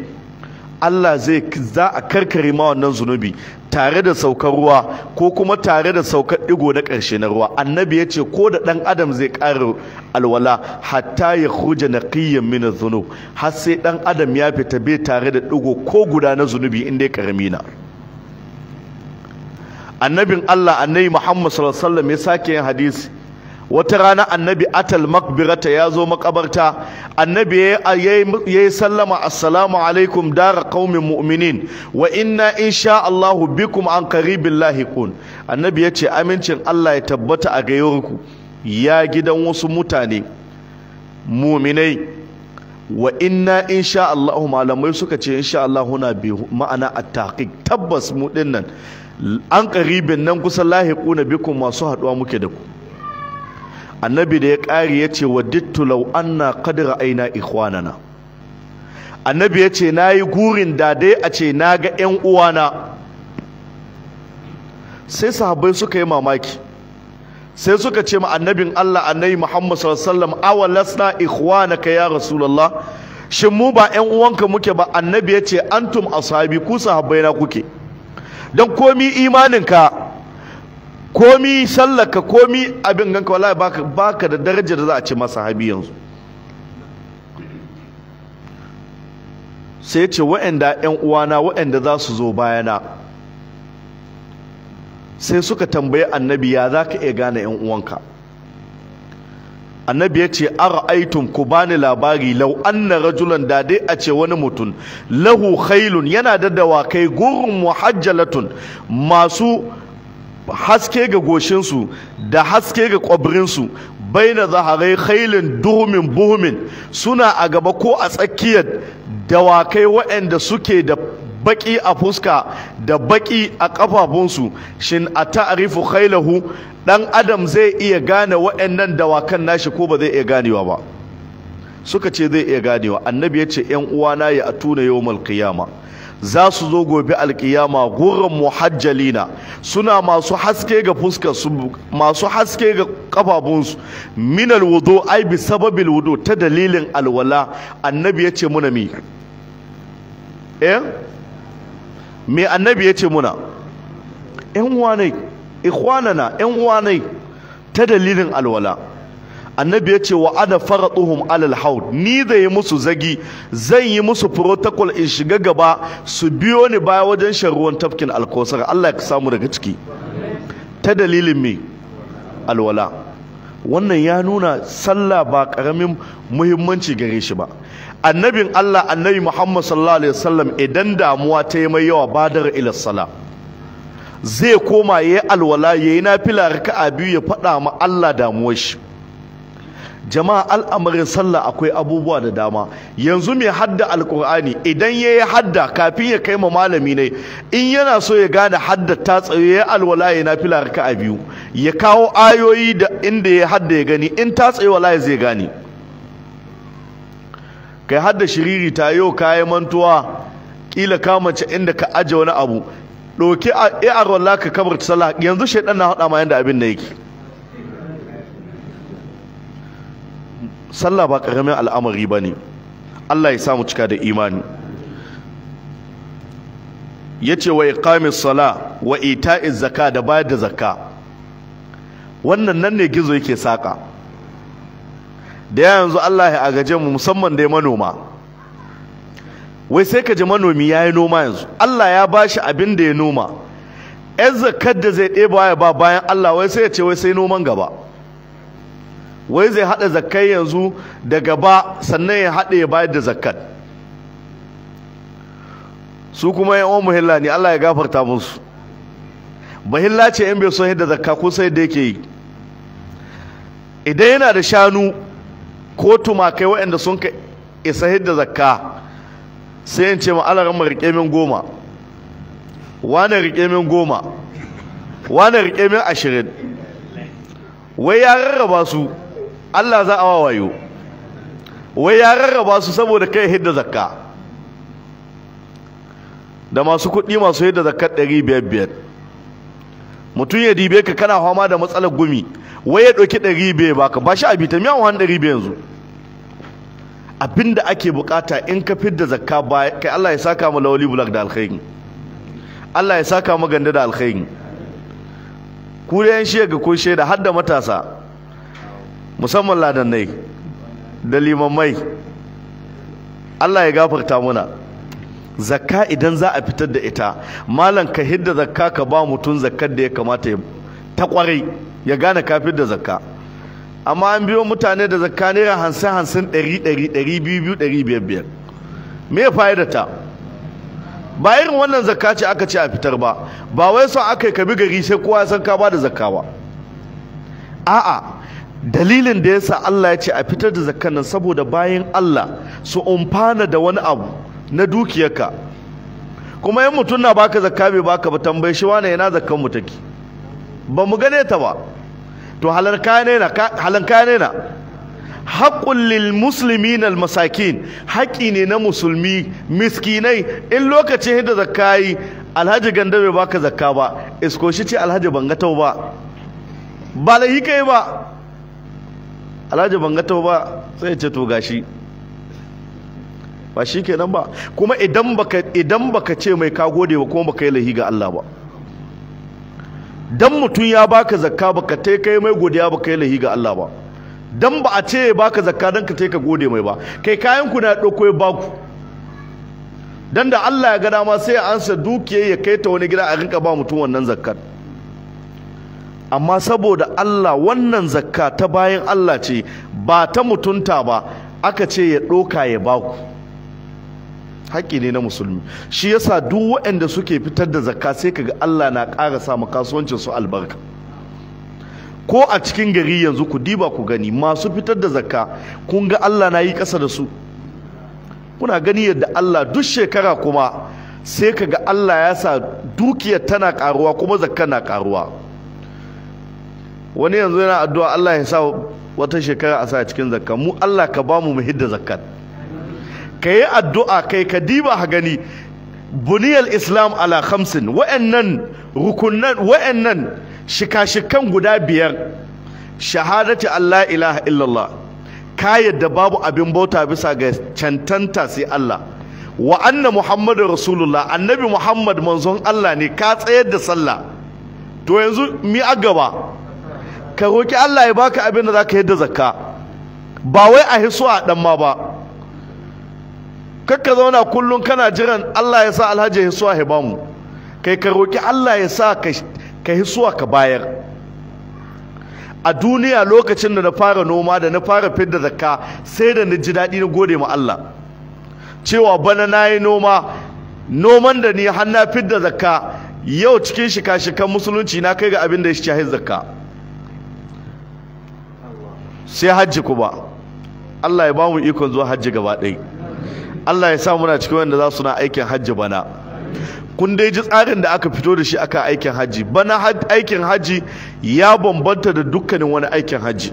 Allah zai za a karkari ma wannan zunubi tare da saukar ruwa ko kuma tare da saukar ɗigo na ƙarshe na ruwa annabi ya ce ko da ɗan adam zai ƙara alwala hatta ya huja na ƙiyyan mina zunub har sai ɗan adam ya fita bai tare da ɗigo ko guda na zunubi inda ya ƙarami na. annabin Allah annabi Muhammad sallallahu alaihi wasallam ya sake yin hadisi wata rana annabi atal makbirata ya zo makabarta annabi ya yi sallama assalamu alaikum dara qaumin mu'minin wa inna insha Allahu bikum an qaribin lahiqun annabi ya ce amincin Allah ya tabbata a gayorku ya gidan wasu mutane mu'minai wa inna insha malamai suka ce insha na bi ma'ana at tabbas mu dinnan an karibin nan kusan na bikum masu haɗuwa muke da ku annabi da ya ƙari ya ce waddittu law anna qad aina ikhwanana annabi ya ce na yi gurin da dai a ce na ga ƴan uwana sai sahabbai suka yi mamaki sai suka ce ma annabin Allah annabi Muhammad sallallahu alaihi wasallam awalasna ikhwanaka ya rasulullah shin mu ba yan uwanka muke ba annabi ya ce antum ashabi ku sahabaina kuke don komi imaninka komi sallaka komi abin ganka wallahi baka baka da daraja da za a ce masa habi yanzu sai ce wa'anda 'yan uwana waɗanda za su zo bayana sai suka tambayi annabi ya za ka iya gane 'yan uwanka annabi ya ce ara'aitum ku bani labari lau anna rajulan da a ce wani mutum lahu khailun yana da dawakai gurin muhajjalatun masu haske ga goshinsu da haske ga Bai na zaharai khailin duhumin buhumin suna a gaba ko a tsakiyar dawakai waɗanda suke da baki a fuska da baki a ƙafafunsu shin a ta'arifu khailahu dan adam zai iya gane waɗannan dawakan nashi ko ba zai iya ganewa ba suka ce zai iya ganewa annabi ya ce yan uwana ya atuna yawmal qiyama za su zo gobe alkiyama gurin muhajjalina suna masu haske ga su masu haske ga kafafunsu minal wudu ai bi sababil wudu ta dalilin alwala annabi ya ce muna mi eh me annabi ya ce muna ‘yan uwanai na ‘yan uwanai ta dalilin alwala annabi ya ce wa ana alal haud ni zai yi musu zagi zan yi musu protocol in shiga gaba su biyo ni baya wajen shan ruwan tafkin alkosar Allah ya samu daga ciki ta dalilin me alwala wannan ya nuna sallah ba karamin muhimmanci gare shi ba annabin Allah annabi Muhammad sallallahu alaihi wasallam idan damuwa ta yi mai yawa badar ila sala zai koma yayi alwala yayi nafila raka'a biyu ya faɗa ma Allah damuwar shi jama'a al'amarin sallah akwai abubuwa da dama yanzu mai hadda alkur'ani idan ya yi hadda kafin ya kai ma malami ne in yana so ya gane hadda ta tsaye ya alwala ya nafila raka'a biyu ya kawo ayoyi da inda ya hadda ya gani in ta tsaye wala zai gane kai hada shiriri ta yau kayi mantuwa kila ka mace inda ka aje wani abu ɗauki a i'ar wallah ka kabar sallah yanzu shaidan na haɗa ma yanda abin da yake sallah ba ƙaramin al'amari ba ne Allah ya samu cika da imani ya ce wa iqamis sala wa ita'in zaka da bayar da zaka. wannan nan ne gizo yake saƙa da ya yanzu Allah ya agaje mu musamman dai manoma wai sai ka ji manomi ya yi noma yanzu Allah ya ba shi abin da ya noma yan zakar da zai ɗeba ya ba bayan Allah wai sai ya ce wai sai noman gaba wai zai haɗa zakai yanzu da gaba sannan ya haɗa ya bayar da zakat su kuma yan uwan muhilla ne Allah ya gafarta musu muhilla ce yan bai son yadda zakka ko sai da yake yi idan yana da shanu ko tumakai waɗanda sun ka isa hidda zakka sai in ce ma alaran riƙe rike min goma wane rike min goma wane rike min ashirin wai ya rarraba su Allah za a wawayo wai ya rarraba su saboda kai hidda zakka da masu kuɗi masu hidda zakka ɗari biyar biyar mutum ya dibe ka kana fama da matsalar gumi wai ya ɗauki ɗari bai baka ba shi a bita miyan wani ɗari bai yanzu abinda ake bukata in ka fidda zakka ba kai Allah ya saka mu lawali bulak da alkhairi Allah ya saka mu ganda da alkhairi ku shi ga shega ko shaida har da matasa musamman ladan nai da mai, Allah ya gafarta muna zakka idan za a fitar da ita malam ka hidda zakka ka ba mutum zakkar da ya kamata ya ta kwarai ya gane ka da zakka amma an biyo mutane da zakka naira hansin hansin ɗari ɗari ɗari biyu biyu ɗari biyar biyar me ya fa'ida ta ba irin wannan zakka ce aka ce a fitar ba ba wai son aka yi ka bi gari sai kowa san ka ba da zakka ba a'a dalilin da yasa Allah ya ce a fitar da zakkan nan saboda bayan Allah su umfana da wani abu na dukiyarka kuma yan mutum na baka zakka bai baka ba tambaye shi wane yana zakkan mu take ba mu gane ta ba to halar kaya na halan lil muslimin al masakin haƙƙi ne na musulmi miskinai in lokacin hidda zakka yi alhaji ganda bai baka zakka ba isko shi ce alhaji ban ga tau ba ba lahi kai ba alhaji ban ga tau ba sai ya ce to gashi ba shi kenan ba kuma idan baka ce mai ka gode ba kuma baka yi lahi ga Allah ba dan mutum ya baka zakka baka tai kai mai godiya baka yi lahi ga Allah ba dan ba a ce baka zakka dan ka tai ka gode mai ba kai kayan ku na dauko ya baku dan da Allah ya ga dama sai ya ansa dukiyar ya kai ta wani gida a rinka ba mutum wannan zakkar amma saboda Allah wannan zakka ta bayan Allah ce ba ta mutunta ba aka ce ya ɗoka ya baku haƙƙi ne na musulmi shi yasa duk waɗanda suke fitar da zakka sai kaga Allah na ƙara sa kasuwancin su albarka ko a cikin gari yanzu ku diba ku gani masu fitar da zakka kun ga Allah na yi ƙasa da su kuna gani yadda Allah duk shekara kuma sai kaga Allah ya sa dukiyar tana ƙaruwa kuma zakka na ƙaruwa wani yanzu yana addu'a Allah ya sa wata shekara a sa cikin zakka mu Allah ka bamu mu hidda zakka ka yi addu'a kai ka diba ha gani buniyar islam ala khamsin wa'annan rukunan wa'annan shika-shikan guda biyar shahadati Allah ilaha illallah ka yadda babu abin bauta bisa ga cantanta sai Allah wa anna muhammadu rasulullah annabi muhammad manzon Allah ne ka tsayar da sallah to yanzu mi a gaba ka roki Allah ya baka abin da za zaka yadda Zaka ba wai a hisuwa a dan ma ba kakka zauna kullum kana jiran Allah ya sa alhaji hisuwa ya bamu kai ka roki Allah ya sa ka hisuwa ka bayar a duniya lokacin da na fara noma da na fara fidda zakka sai da na ji daɗi na gode ma Allah cewa bana na yi noma noman da ni har na fidda zakka yau cikin shika-shikan musulunci na kai ga abin da ya shi zakka sai hajji ku ba. Allah ya ba ikon zuwa hajji gaba ɗaya Allah ya sa muna cikin wanda za su na aikin hajji bana kun dai ji tsarin da aka fito da shi aka aikin hajji bana aikin hajji ya bambanta da dukkanin wani aikin hajji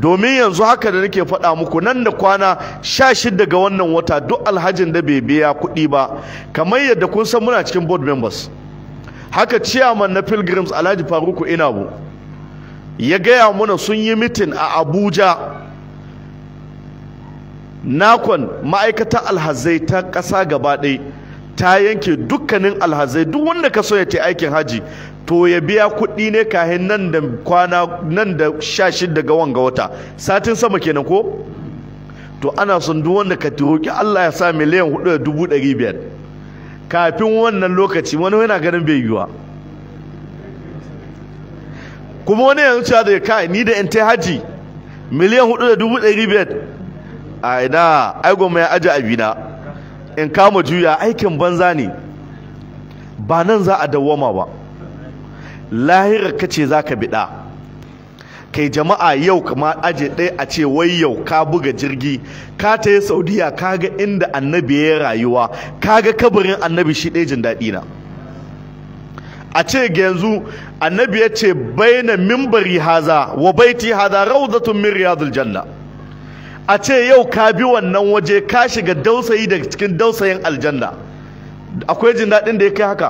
domin yanzu haka da nake faɗa muku nan da kwana sha shida ga wannan wata duk alhajin da bai biya kuɗi ba kamar yadda kun san muna cikin board members haka ciyaman na pilgrims alhaji faruku inabu ya gaya mana sun yi mitin a abuja nakon ma'aikatar alhazai ta ƙasa gaba ɗaya ta yanke dukkanin alhazai duk wanda ka so ya ce aikin haji to ya biya kuɗi ne kahin nan da kwana nan da sha shida ga wanga wata satin sama kenan ko to ana son duk wanda ka roƙi Allah ya sa miliyan hudu da dubu ɗari biyar kafin wannan lokaci wani yana ganin bai yiwa kuma wani yanzu cewa da kai ni da in ta haji miliyan hudu da dubu ɗari biyar a ina ai goma ya aji abina in kama juya aikin banza ne ba nan za a dawwama ba lahira kace zaka bida kai jama'a yau kama aje ɗaya a ce wai yau ka buga jirgi ka ta yi saudiya ka ga inda annabi ya rayuwa ka ga kabarin annabi shi ɗaya jin daɗi na a ce yanzu annabi ya ce baina mimbari haza wa baiti haza rawdatun min riyadul janna a ce yau ka bi wannan waje ka shiga dausayi daga cikin dausayin aljanna akwai jin daɗin da ya kai haka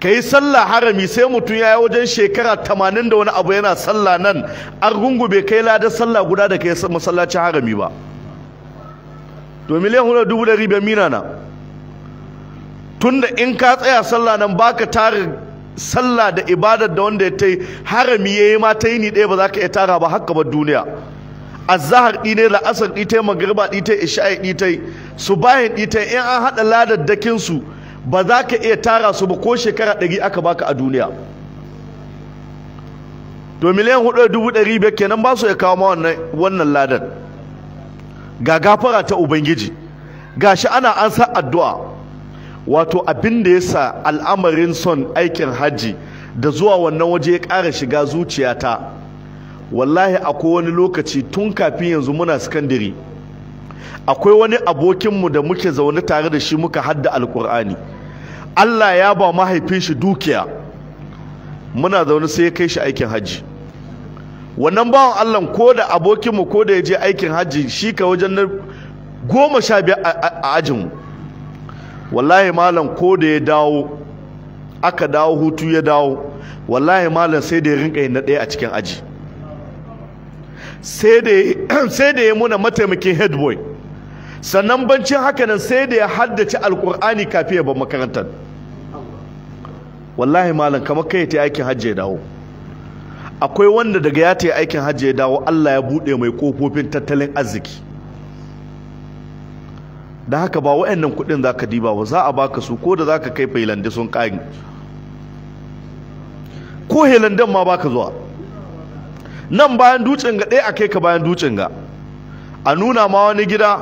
ka yi sallah harami sai mutum ya yi wajen shekara tamanin da wani abu yana sallah nan an bai kai lada sallah guda da kai masallacin harami ba domin miliyan hudu dubu ɗari biyar mina na tunda in ka tsaya sallah nan baka tara sallah da ibadar da wanda ya ta yi harami ya yi ma ta yi ni ɗaya ba za ka iya tara ba haka ba duniya azahar ɗi ne la'asar ɗi ta magarba ɗi isha'i ɗi su bayan ɗi in an haɗa ladaddakin su ba za ka iya tara su ba ko shekara ɗari aka baka a duniya to miliyan hudu dubu ɗari biyar kenan ba su ya kawo ma wannan ladan ga gafara ta ubangiji ga shi ana an sa addu'a wato abin da ya sa al'amarin son aikin hajji da zuwa wannan waje ya ƙara shiga zuciyata wallahi akwai wani lokaci tun kafin yanzu muna sakandare akwai wani abokinmu da muke zaune tare da shi muka hadda alkur'ani Allah ya ba mahaifin shi dukiya muna zaune sai ya kai shi aikin hajji wannan bawan Allah ko da abokinmu ko da ya je aikin hajji shi ka wajen na goma sha biyar a ajinmu wallahi malam ko da ya dawo aka dawo hutu ya dawo wallahi malam sai da ya rinka yin na ɗaya a cikin aji sai da ya muna mataimakin head boy sannan bancin hakanan sai da ya haddace alkur'ani kafin ya ba makarantar wallahi malam kamar kai ta aikin hajji ya dawo akwai wanda daga ya ta aikin hajji ya dawo Allah ya bude mai kofofin tattalin arziki da haka ba wa'annan kuɗin za ka diba ba za a baka su ko da za ka kai failande sun kare. ko helandan ma baka zuwa nan bayan dutsen ga ɗaya a kai ka bayan dutsen ga a nuna ma wani gida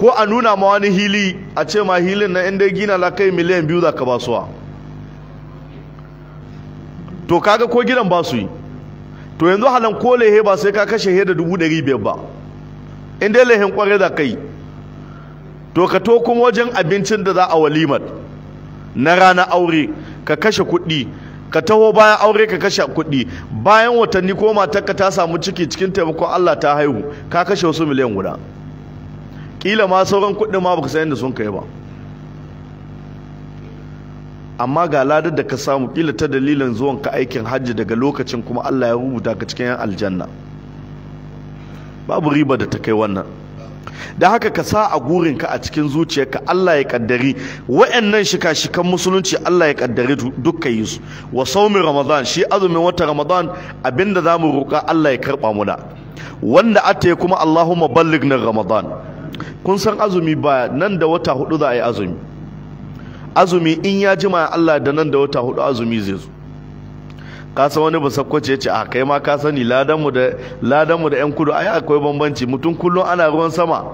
ko a nuna ma wani hili a ce ma hilin na inda gina la kai miliyan biyu za ka ba suwa to kaga ko gidan ba su yi to yanzu halan ko lehe ba sai ka kashe he da dubu ɗari biyar ba in dai lehen kwarai da kai to ka to kuma wajen abincin da za a walimar na rana aure ka kashe kuɗi ka taho bayan aure ka kashe kuɗi bayan watanni ko matarka ta samu ciki cikin taimakon Allah ta haihu ka kashe wasu miliyan guda kila ma sauran kuɗin ma baka san yadda sun kai ba amma ga ladar da ka samu kila ta dalilin zuwan ka aikin hajji daga lokacin kuma Allah ya rubuta ka cikin aljanna babu riba da ta kai wannan da haka ka sa a gurinka a cikin zuciyarka Allah ya kaddari wayannan shika-shikan musulunci Allah ya kaddari dukkan yi su wa saumin ramadan shi azumin wata ramadan abinda za mu roƙa Allah ya karɓa muna wanda ata kuma Allahumma na ramadan kun san azumi ba nan da wata hudu za a yi azumi azumi in ya jima Allah da nan da wata hudu azumi zai zo ka san wani ba sakkwace ce a ah, kai ma ka sani ladanmu da ladanmu da yan kudu ai akwai bambanci mutum kullum ana ruwan sama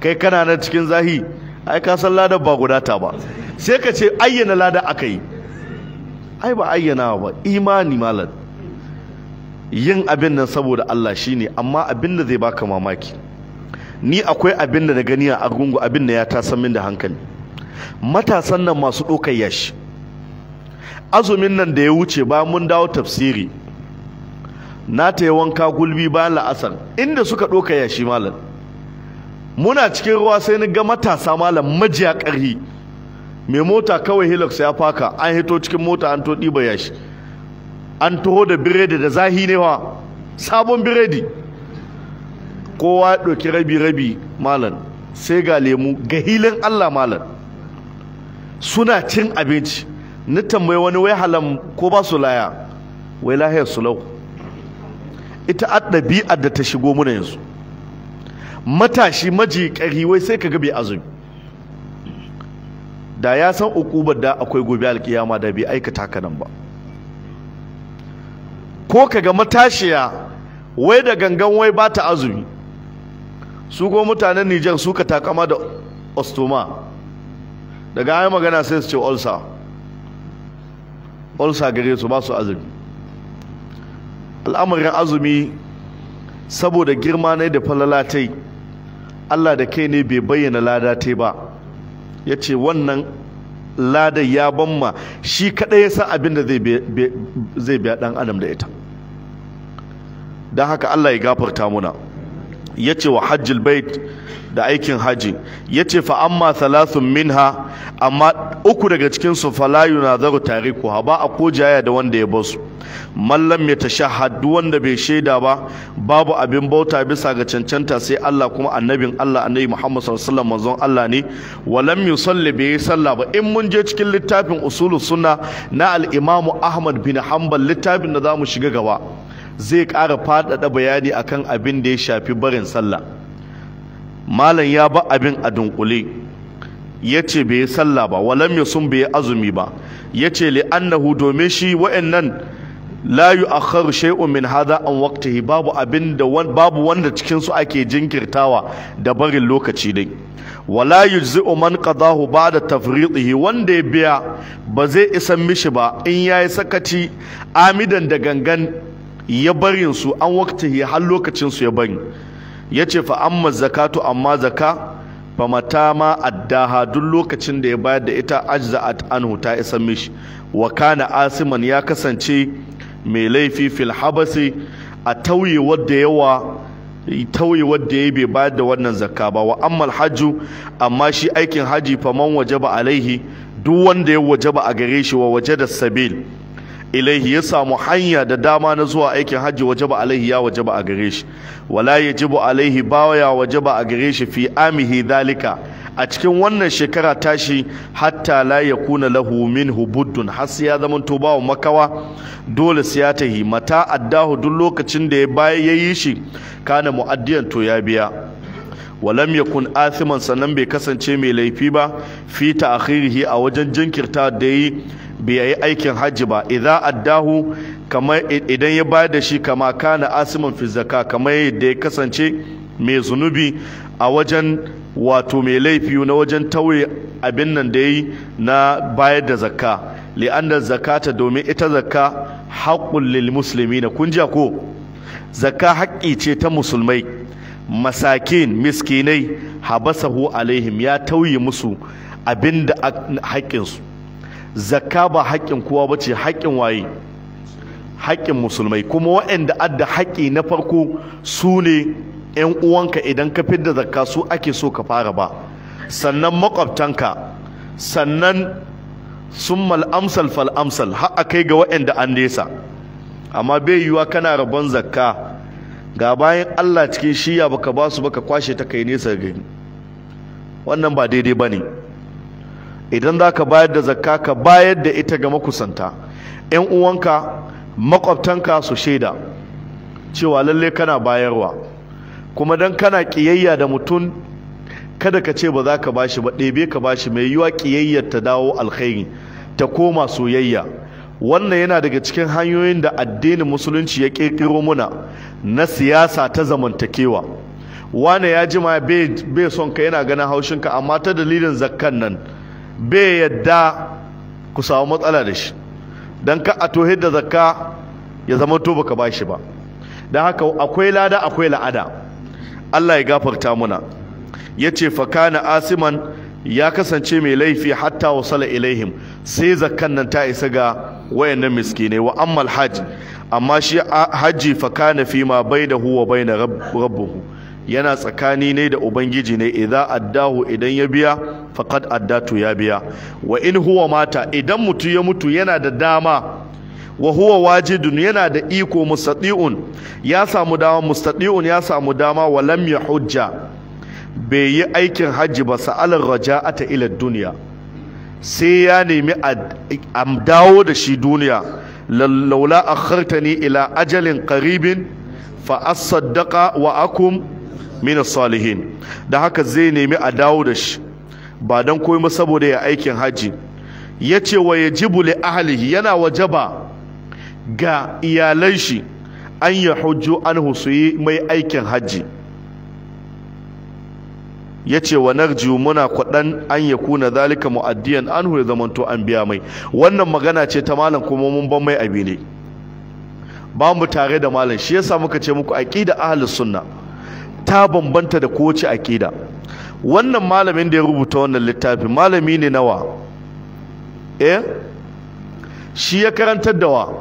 kai kana na cikin zahi ai ka san ladan ba gudata ba sai ka ce ayyana lada aka yi ai ba ayyana ba imani malam yin abin nan saboda Allah shine amma abin da zai baka mamaki ni akwai abin da na gani a argungu abin da ya tasan min da hankali matasan nan masu ɗaukar yashi azumin nan da ya wuce ba mun dawo tafsiri na ta yi wanka gulbi bayan la'asar inda suka ɗoka yashi malam muna cikin ruwa sai ni ga matasa malam majiya ƙarhi mai mota kawai hilux ya faka an hito cikin mota an to ɗiba yashi an taho da biredi da zahi ne wa sabon biredi kowa ya ɗauki rabi-rabi malam sai ga lemu ga hilin allah malam suna cin abinci ni tambayi wani wai halam ko ba su laya wai lahiya su lau ita a da ta shigo muna yanzu matashi maji ƙari wai sai ka gabe azumi da ya san ukubar da akwai gobe alkiyama da bai aikata ka nan ba ko kaga matashiya wai da gangan wai ba ta azumi su ko mutanen Nijar suka takama da ostoma daga ai magana sai su ce ulcer ulsa gare su ba su azumi al'amarin azumi saboda girma ne da falalatai Allah da kai ne bai bayyana lada ta ba ya ce wannan lada ya banma shi kaɗai ya san abin da zai biya ɗan adam da ita don haka Allah ya gafarta muna yace wa hajjil bait da aikin haji yace fa amma thalathun minha amma uku daga cikin su fala yunazaru tariku. ba a kojaya da wanda ya basu mallam ya tashahhad wanda bai shaida ba babu abin bauta bisa ga cancanta sai Allah kuma annabin Allah annabi Muhammad sallallahu alaihi wasallam Allah ne walam yusalli bai sallah ba in mun je cikin littafin usulus sunna na al-Imam Ahmad bin Hanbal littafin da zamu shiga gaba zai ƙara faɗaɗa bayani kan abin da ya shafi barin sallah malam ya ba abin a dunkule ya ce bai yi sallah ba walam ya sun bai azumi ba ya ce li'annahu domin shi wa'annan la yu'akhkharu shay'un min haza an waqtihi babu abin da babu wanda cikin su ake jinkirtawa da barin lokaci dai wala yujzi'u man qadahu ba'da tafridihi wanda ya biya ba zai isan mishi ba in ya yi sakaci amidan da gangan ya barin su an waktahi har lokacin su ya bari Ya ce fa amma zakatu amma zaka fa mata ma addaha duk lokacin da ya bayar da ita ajza'at anhu ta isa mishi wa kana asiman ya kasance mai laifi fil habasi a tauye wadda yawa tauye wadda ya bai bayar da wannan zaka ba wa ammal hajju amma shi aikin haji faman wajaba alaihi duk wanda ya wajaba a gare shi wa waje da sabil ilaihi ya samu hanya da dama na zuwa aikin hajji ba alaihi ya ba a gare shi wala ba alaihi baya ba a gare shi fi amihi dalika a cikin wannan shekara tashi hatta la kuna lahu min hubuddun har sai ya zama to bawo makawa dole sai ya tahi mata addahu duk lokacin da ya baya yayi shi kana mu'addiyan to ya biya walam yakun athiman sannan bai kasance mai laifi ba fi ta'khirihi a wajen jinkirta da yi bai yi aikin hajji ba idza addahu idan ya bayar da shi kama kana asiman fi zakka kamar yadda ya kasance mai zunubi a wajen wato mai laifi na wajen tauye abin nan da yi na bayar da zakka li'anna zakata domin ita zakka haqqul lil muslimina kun ji ko zakka haƙƙi ce ta musulmai masakin miskinai habasahu alaihim ya tauye musu abinda haƙƙinsu zakka ba haƙƙin kowa ba ce haƙƙin waye haƙƙin musulmai kuma waɗanda adda haƙƙi na farko su ne 'yan uwanka idan ka da zakka su ake so ka fara ba sannan maƙwabtanka sannan sun amsal fal amsal har kai ga waɗanda an nesa amma bai yiwuwa kana rabon zakka ga bayan Allah cikin shiya baka basu baka kwashe ta kai nesa gani wannan ba daidai ba ne idan za ka bayar da zakka ka bayar da ita ga makusanta 'yan uwanka makwabtanka su shaida cewa lalle kana bayarwa kuma dan kana kiyayya da mutum kada ka ce ba za ka bashi ba ɗebe ka bashi mai yiwa kiyayyar ta dawo alkhairi ta koma soyayya wannan yana daga cikin hanyoyin da addinin musulunci ya ƙirƙiro muna na siyasa ta zamantakewa wane ya jima bai son ka yana ganin haushinka amma ta dalilin zakkan nan bai yadda ku samu matsala da shi don ka a tohid da zakka ya zama to baka bashi ba don haka akwai lada akwai la'ada Allah ya gafarta muna ya ce na asiman ya kasance mai laifi hatta wasala ilaihim sai zakkan nan ta isa ga wayannan miskinai wa ammal hajj amma shi hajji na fi ma bai da huwa bai na rabbuhu yana tsakani ne da ubangiji ne idan addahu idan ya biya faqad addatu ya biya wa in huwa mata idan mutu ya mutu yana da dama wa huwa wajidun yana da iko mustati'un ya samu dama mustati'un ya samu dama wa lam hujja bai yi aikin hajji ba sa'alar raja'ata ila duniya sai ya nemi a dawo da shi duniya laula akhartani ila ajalin qaribin fa asaddaqa wa akum min salihin da haka zai nemi a dawo da shi ba dan koyi ba saboda ya aikin haji ce wa ya ji li ahlihi yana ba. ga iyalan shi an ya hujju an husuyi mai aikin haji ya ce wa narji muna kwaɗan an ya kuna zalika mu'addiyan an ya zamanto an biya mai wannan magana ce ta malam kuma mun ban mai abi ne ba mu tare da malam shi yasa muka ce muku aqida ahlus sunna ta bambanta da kowace aƙida wannan malamin da ya rubuta wannan littafin malami ne nawa eh shi ya karantar da wa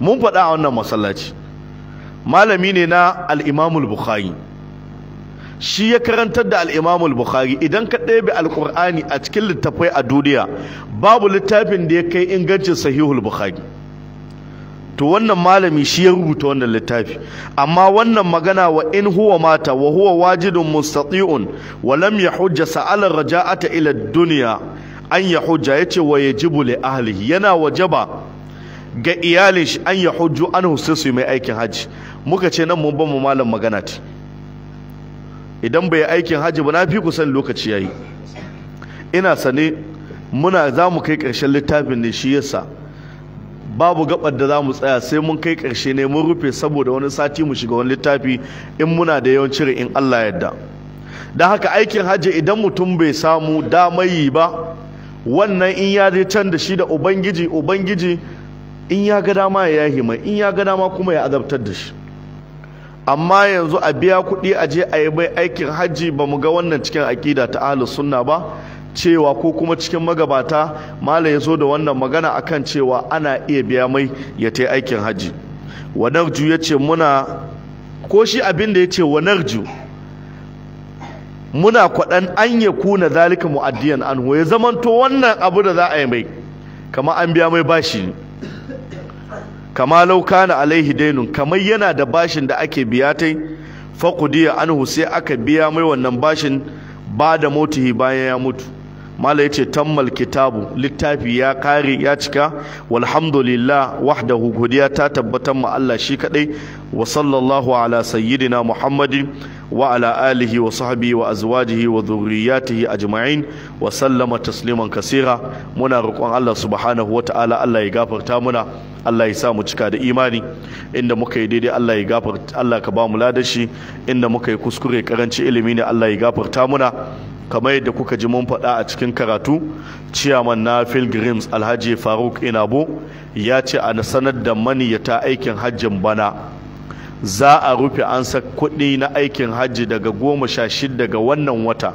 mun faɗa a wannan masallaci malami ne na al'imamul bukhari shi ya karantar da al'imamul bukhari idan ka ɗebe alƙur'ani a cikin littafai a duniya babu littafin da ya kai ingancin sahihul bukhari to wannan malami shi ya rubuta wannan littafi amma wannan magana wa in huwa mata wa huwa wajidun mustati'un wa lam yahujja sa'ala raja'ata ila Duniya, an ya ce wa yajibu li ahlihi yana wajaba ga iyalin shi an yahujju an sai su mai aikin haji muka ce nan mun ba mu malam magana ti idan bai aikin haji ba na fi kusan lokaci yayi ina sane muna za mu kai ƙarshen littafin ne shi yasa babu gabar da za mu tsaya sai mun kai ƙarshe ne mun rufe saboda wani sati mu shiga wani littafi in muna da yawan cire in Allah yadda da haka aikin hajji idan mutum bai samu damayi ba wannan in ya je can da shi da ubangiji ubangiji in ya ga dama ya yahi mai in ya ga dama kuma ya azabtar da shi amma yanzu a biya kuɗi a je a yi bai aikin hajji ba mu ga wannan cikin aƙida ta ahlus sunna ba cewa ko kuma cikin magabata mala ya zo da wannan magana akan cewa ana iya biya mai ya ta aikin haji wanarju ya ce muna ko shi abin da ya ce wanarju muna kwaɗan an ya kuna zalika mu'addiyan anhu ya zamanto wannan abu da za a yi mai kama an biya mai bashi ne kama lauka na alaihi dainun kamar yana da bashin da ake biya ta tai faqudiya anhu sai aka biya mai wannan bashin ba da motihi bayan ya mutu mala yace tammal kitabu littafi ya kare ya cika walhamdulillah wahdahu godiya ta tabbatar ma Allah shi kadai wa sallallahu ala sayyidina muhammadin wa ala alihi wa sahbihi wa azwajihi wa dhurriyyatihi ajma'in wa sallama tasliman kasira muna roƙon Allah subhanahu wa ta'ala Allah ya gafarta muna Allah ya sa mu cika da imani inda muka yi daidai Allah ya gafarta Allah ka ba mu ladashi inda muka yi kuskure karanci ilimi ne Allah ya gafarta muna kamar yadda kuka ji mun faɗa a cikin karatu ciyaman na phil grims alhaji faruk inabo ya ce a sanar da maniyata aikin hajjin bana za a rufe ansa kuɗi na aikin hajji daga goma sha shida ga wannan wata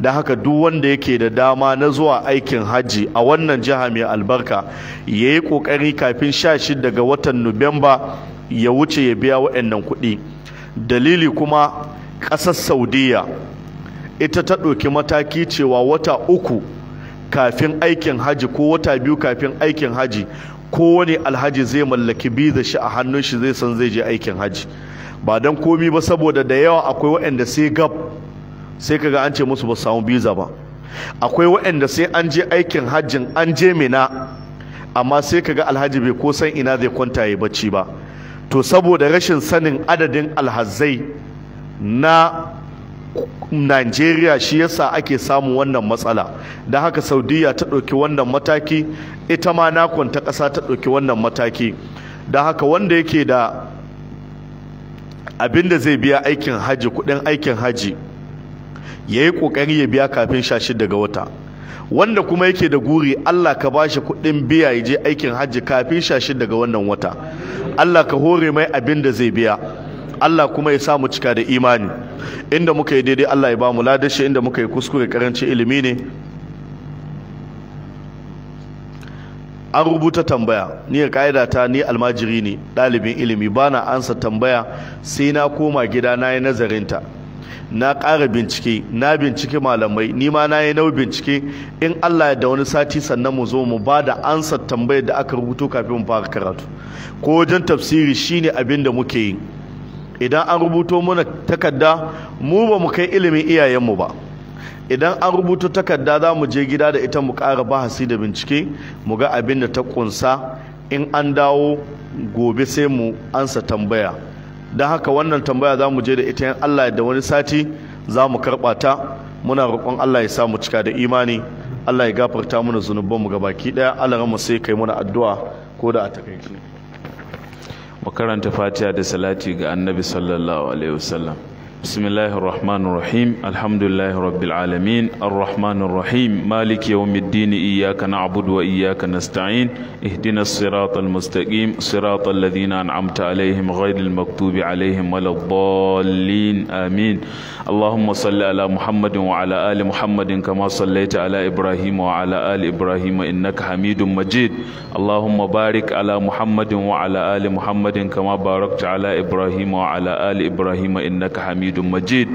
da haka duk wanda yake da dama na zuwa aikin hajji a wannan jiha mai albarka ya yi ƙoƙari kafin sha shida ga watan nuwamba ya wuce ya biya waɗannan kuɗi dalili kuma ƙasar saudiya ita ta ɗauki mataki cewa wata uku kafin aikin haji ko wata biyu kafin aikin haji kowane alhaji zai mallaki biza shi a hannun shi zai san zai je aikin haji ba don komi ba saboda da yawa akwai waɗanda sai gab sai kaga an ce musu ba samu biza ba akwai waɗanda sai an je aikin hajjin an je mina amma sai kaga alhaji bai ko san ina zai kwanta ya bacci ba to saboda rashin sanin adadin alhazai na Najeriya shi yasa ake samun wannan matsala da haka Saudiya ta ɗauki wannan mataki ita ma nakon ta ƙasa ta ɗauki wannan mataki da haka wanda yake da abin da zai biya aikin haji kuɗin aikin haji ya yi ƙoƙari ya biya kafin sha shida wata wanda kuma yake da guri Allah ka ba shi kuɗin biya ya je aikin haji kafin sha shida wannan wata Allah ka hore mai abin da zai biya Allah kuma ya sa mu cika da imani inda muka yi daidai Allah ya ba mu ladashi inda muka yi kuskure karanci ilimi ne an rubuta tambaya ni ka'ida ta ni almajiri ne ɗalibin ilimi bana ansa tambaya sai na koma gida na yi nazarinta na ƙara bincike na bincike malamai ni ma na yi nau bincike in Allah ya da wani sati sannan mu zo mu ba da ansa tambayar da aka rubuto kafin mu fara karatu ko wajen tafsiri shine abin da muke yi idan an rubuto mana takarda mu ba mu kai ilimin iyayenmu ba idan an rubuto takarda za mu je gida da ita mu ƙara bahasi da bincike mu ga abin da ta ƙunsa in an dawo gobe sai mu ansa tambaya don haka wannan tambaya za mu je da ita in Allah da wani sati za mu karɓa muna roƙon Allah ya sa mu cika da imani Allah ya gafarta mana ga baki ɗaya Allah ramu sai kai mana addu'a ko da a takaice mu karanta fatiha da salati ga annabi sallallahu alaihi wasallam بسم الله الرحمن الرحيم الحمد لله رب العالمين الرحمن الرحيم مالك يوم الدين إياك نعبد وإياك نستعين اهدنا الصراط المستقيم صراط الذين أنعمت عليهم غير المكتوب عليهم ولا الضالين آمين اللهم صل على محمد وعلى آل محمد كما صليت على إبراهيم وعلى آل إبراهيم إنك حميد مجيد اللهم بارك على محمد وعلى آل محمد كما باركت على إبراهيم وعلى آل إبراهيم إنك حميد hamidun majid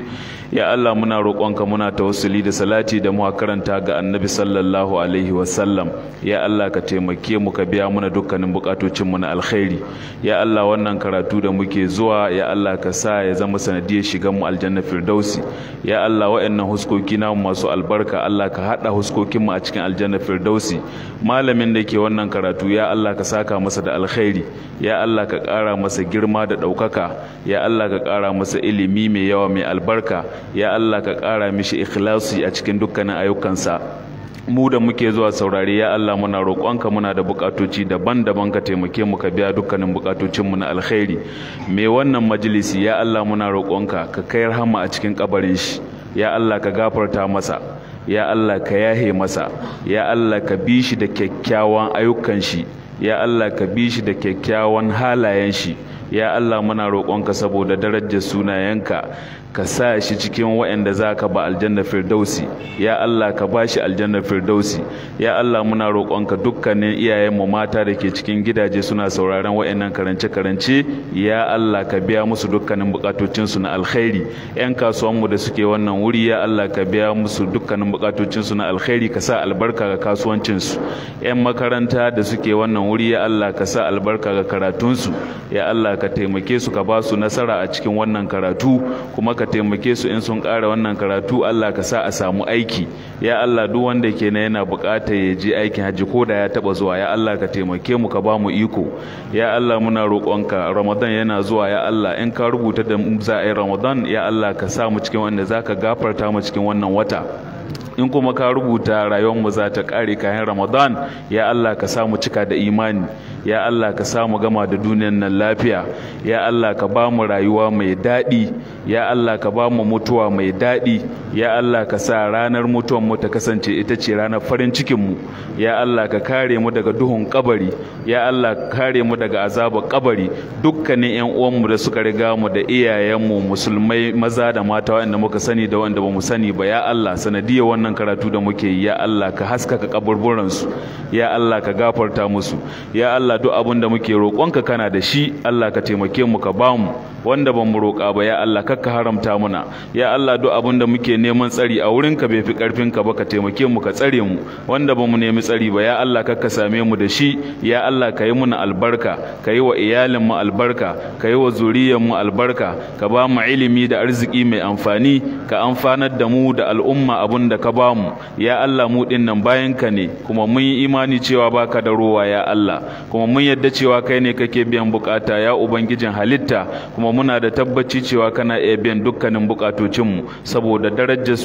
ya Allah muna roƙonka muna ta tawassuli da salati da mu karanta ga annabi sallallahu alaihi wasallam ya Allah ka taimake mu ka biya muna dukkanin bukatocin mu na alkhairi ya Allah wannan karatu da muke zuwa ya Allah ka sa ya zama sanadiyar shigan mu aljanna firdausi ya Allah wa'annan huskoki na masu albarka Allah ka hada huskokin mu a cikin aljanna firdausi malamin da ke wannan karatu ya Allah ka saka masa da alkhairi ya Allah ka kara masa girma da ɗaukaka ya Allah ka kara masa ilimi mai yawa mai albarka ya Allah ka ƙara mishi ikhlasi a cikin dukkanin ayyukansa mu da muke zuwa saurari ya Allah muna roƙonka muna da buƙatoci daban-daban ka taimake mu ka biya dukkanin buƙatocinmu na alkhairi me wannan majalisi ya Allah muna roƙonka ka kai rahama a cikin kabarin shi ya Allah ka gafarta masa ya Allah ka yahe masa ya Allah ka bi shi da kyakkyawan ayyukan shi ya Allah ka bi shi da kyakkyawan halayen shi ya Allah muna roƙonka saboda darajar sunayenka ka sa shi cikin waɗanda za ka ba aljanna firdausi ya Allah ka ba shi aljanna firdausi ya Allah muna roƙonka dukkanin iyayenmu mata da ke cikin gidaje suna sauraron waɗannan karance-karance ya Allah ka biya musu dukkanin buƙatocinsu na alkhairi yan kasuwanmu da suke wannan wuri ya Allah ka biya musu dukkanin buƙatocinsu na alkhairi ka sa albarka ga kasuwancinsu yan makaranta da suke wannan wuri ya Allah ka sa albarka ga karatunsu ya Allah ka taimake su ka ba su nasara a cikin wannan karatu kuma ka taimake su in sun ƙara wannan karatu Allah ka sa a samu aiki ya Allah duk wanda ke na yana buƙatar ya je aikin hajji ko da ya taba zuwa ya Allah ka taimake mu ka ba mu iko ya Allah muna roƙonka Ramadan yana zuwa ya Allah in ka rubuta da za a yi Ramadan ya Allah ka sa mu cikin wanda za ka gafarta mu cikin wannan wata in kuma ka rubuta rayuwarmu za ta kare kayan ramadan ya allah ka samu cika da imani ya allah ka samu gama da duniyan nan lafiya ya allah ka ba mu rayuwa mai daɗi ya allah ka ba mu mutuwa mai daɗi ya allah ka sa ranar mutuwar mu ta kasance ita ce ranar farin cikin mu ya allah ka kare mu daga duhun kabari ya allah ka kare mu daga azabar kabari dukkanin yan uwanmu da suka riga mu da iyayenmu musulmai maza da mata wanda muka sani da wanda ba mu sani ba ya allah sanadiyar iya wannan karatu da muke yi ya Allah ka haskaka kaburburansu ya Allah ka gafarta musu ya Allah duk abin da muke roƙonka kana da shi Allah ka taimake mu ka bamu wanda ban mu roƙa ba ya Allah kakka haramta muna ya Allah duk abin da muke neman tsari a wurinka bai fi ƙarfinka ba ka taimake mu ka tsare mu wanda ba mu nemi tsari ba ya Allah kakka same mu da shi ya Allah ka yi muna albarka ka yi wa iyalin mu albarka ka yi wa zuriyar mu albarka ka ba mu ilimi da arziki mai amfani ka amfanar da mu da al'umma abun abin da ka bamu ya Allah mu din nan ka ne kuma mun yi imani cewa baka da ruwa ya Allah kuma mun yadda cewa kai ne kake biyan bukata ya ubangijin halitta kuma muna da tabbaci cewa kana iya biyan dukkanin mu saboda darajar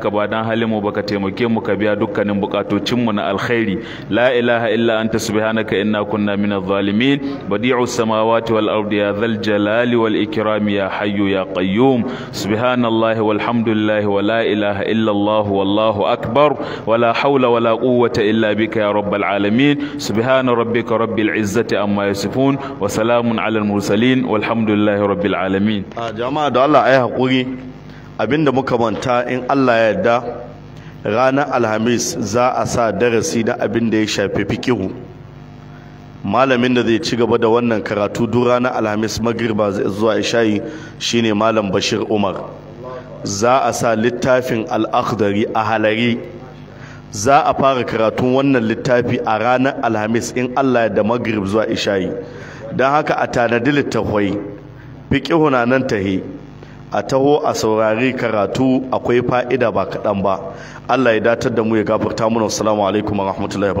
ka ba dan halin mu baka taimake mu ka biya dukkanin mu na alkhairi la ilaha illa anta subhanaka inna kunna minadh zalimin badi'us samawati wal ardi ya dhal jalali wal ikrami ya hayyu ya qayyum subhanallahi walhamdulillahi wa la ilaha illa allah wallahu akbar wala haula wala quwwata illa bika ya rabbal alamin subhana rabbika rabbil izzati amma yasifun wa salamun alal mursalin walhamdulillahi rabbil alamin jama'a da Allah yi hakuri abinda muka manta in Allah ya yarda ranar alhamis za a sa darasi na abin da ya shafi fikihu malamin da zai ci gaba da wannan karatu duk ranar alhamis magriba zuwa ishayi shine malam bashir umar za a sa littafin al'akhdari a halari za a fara karatun wannan littafi a ranar alhamis in allah ya da magrib zuwa ishayi don haka a tanadi littafai fiƙihuna nan tahi. a taho a saurari karatu akwai fa'ida ba kaɗan ba allah ya datar da mu ya gafarta mana assalamu alaikum wa rahmatullahi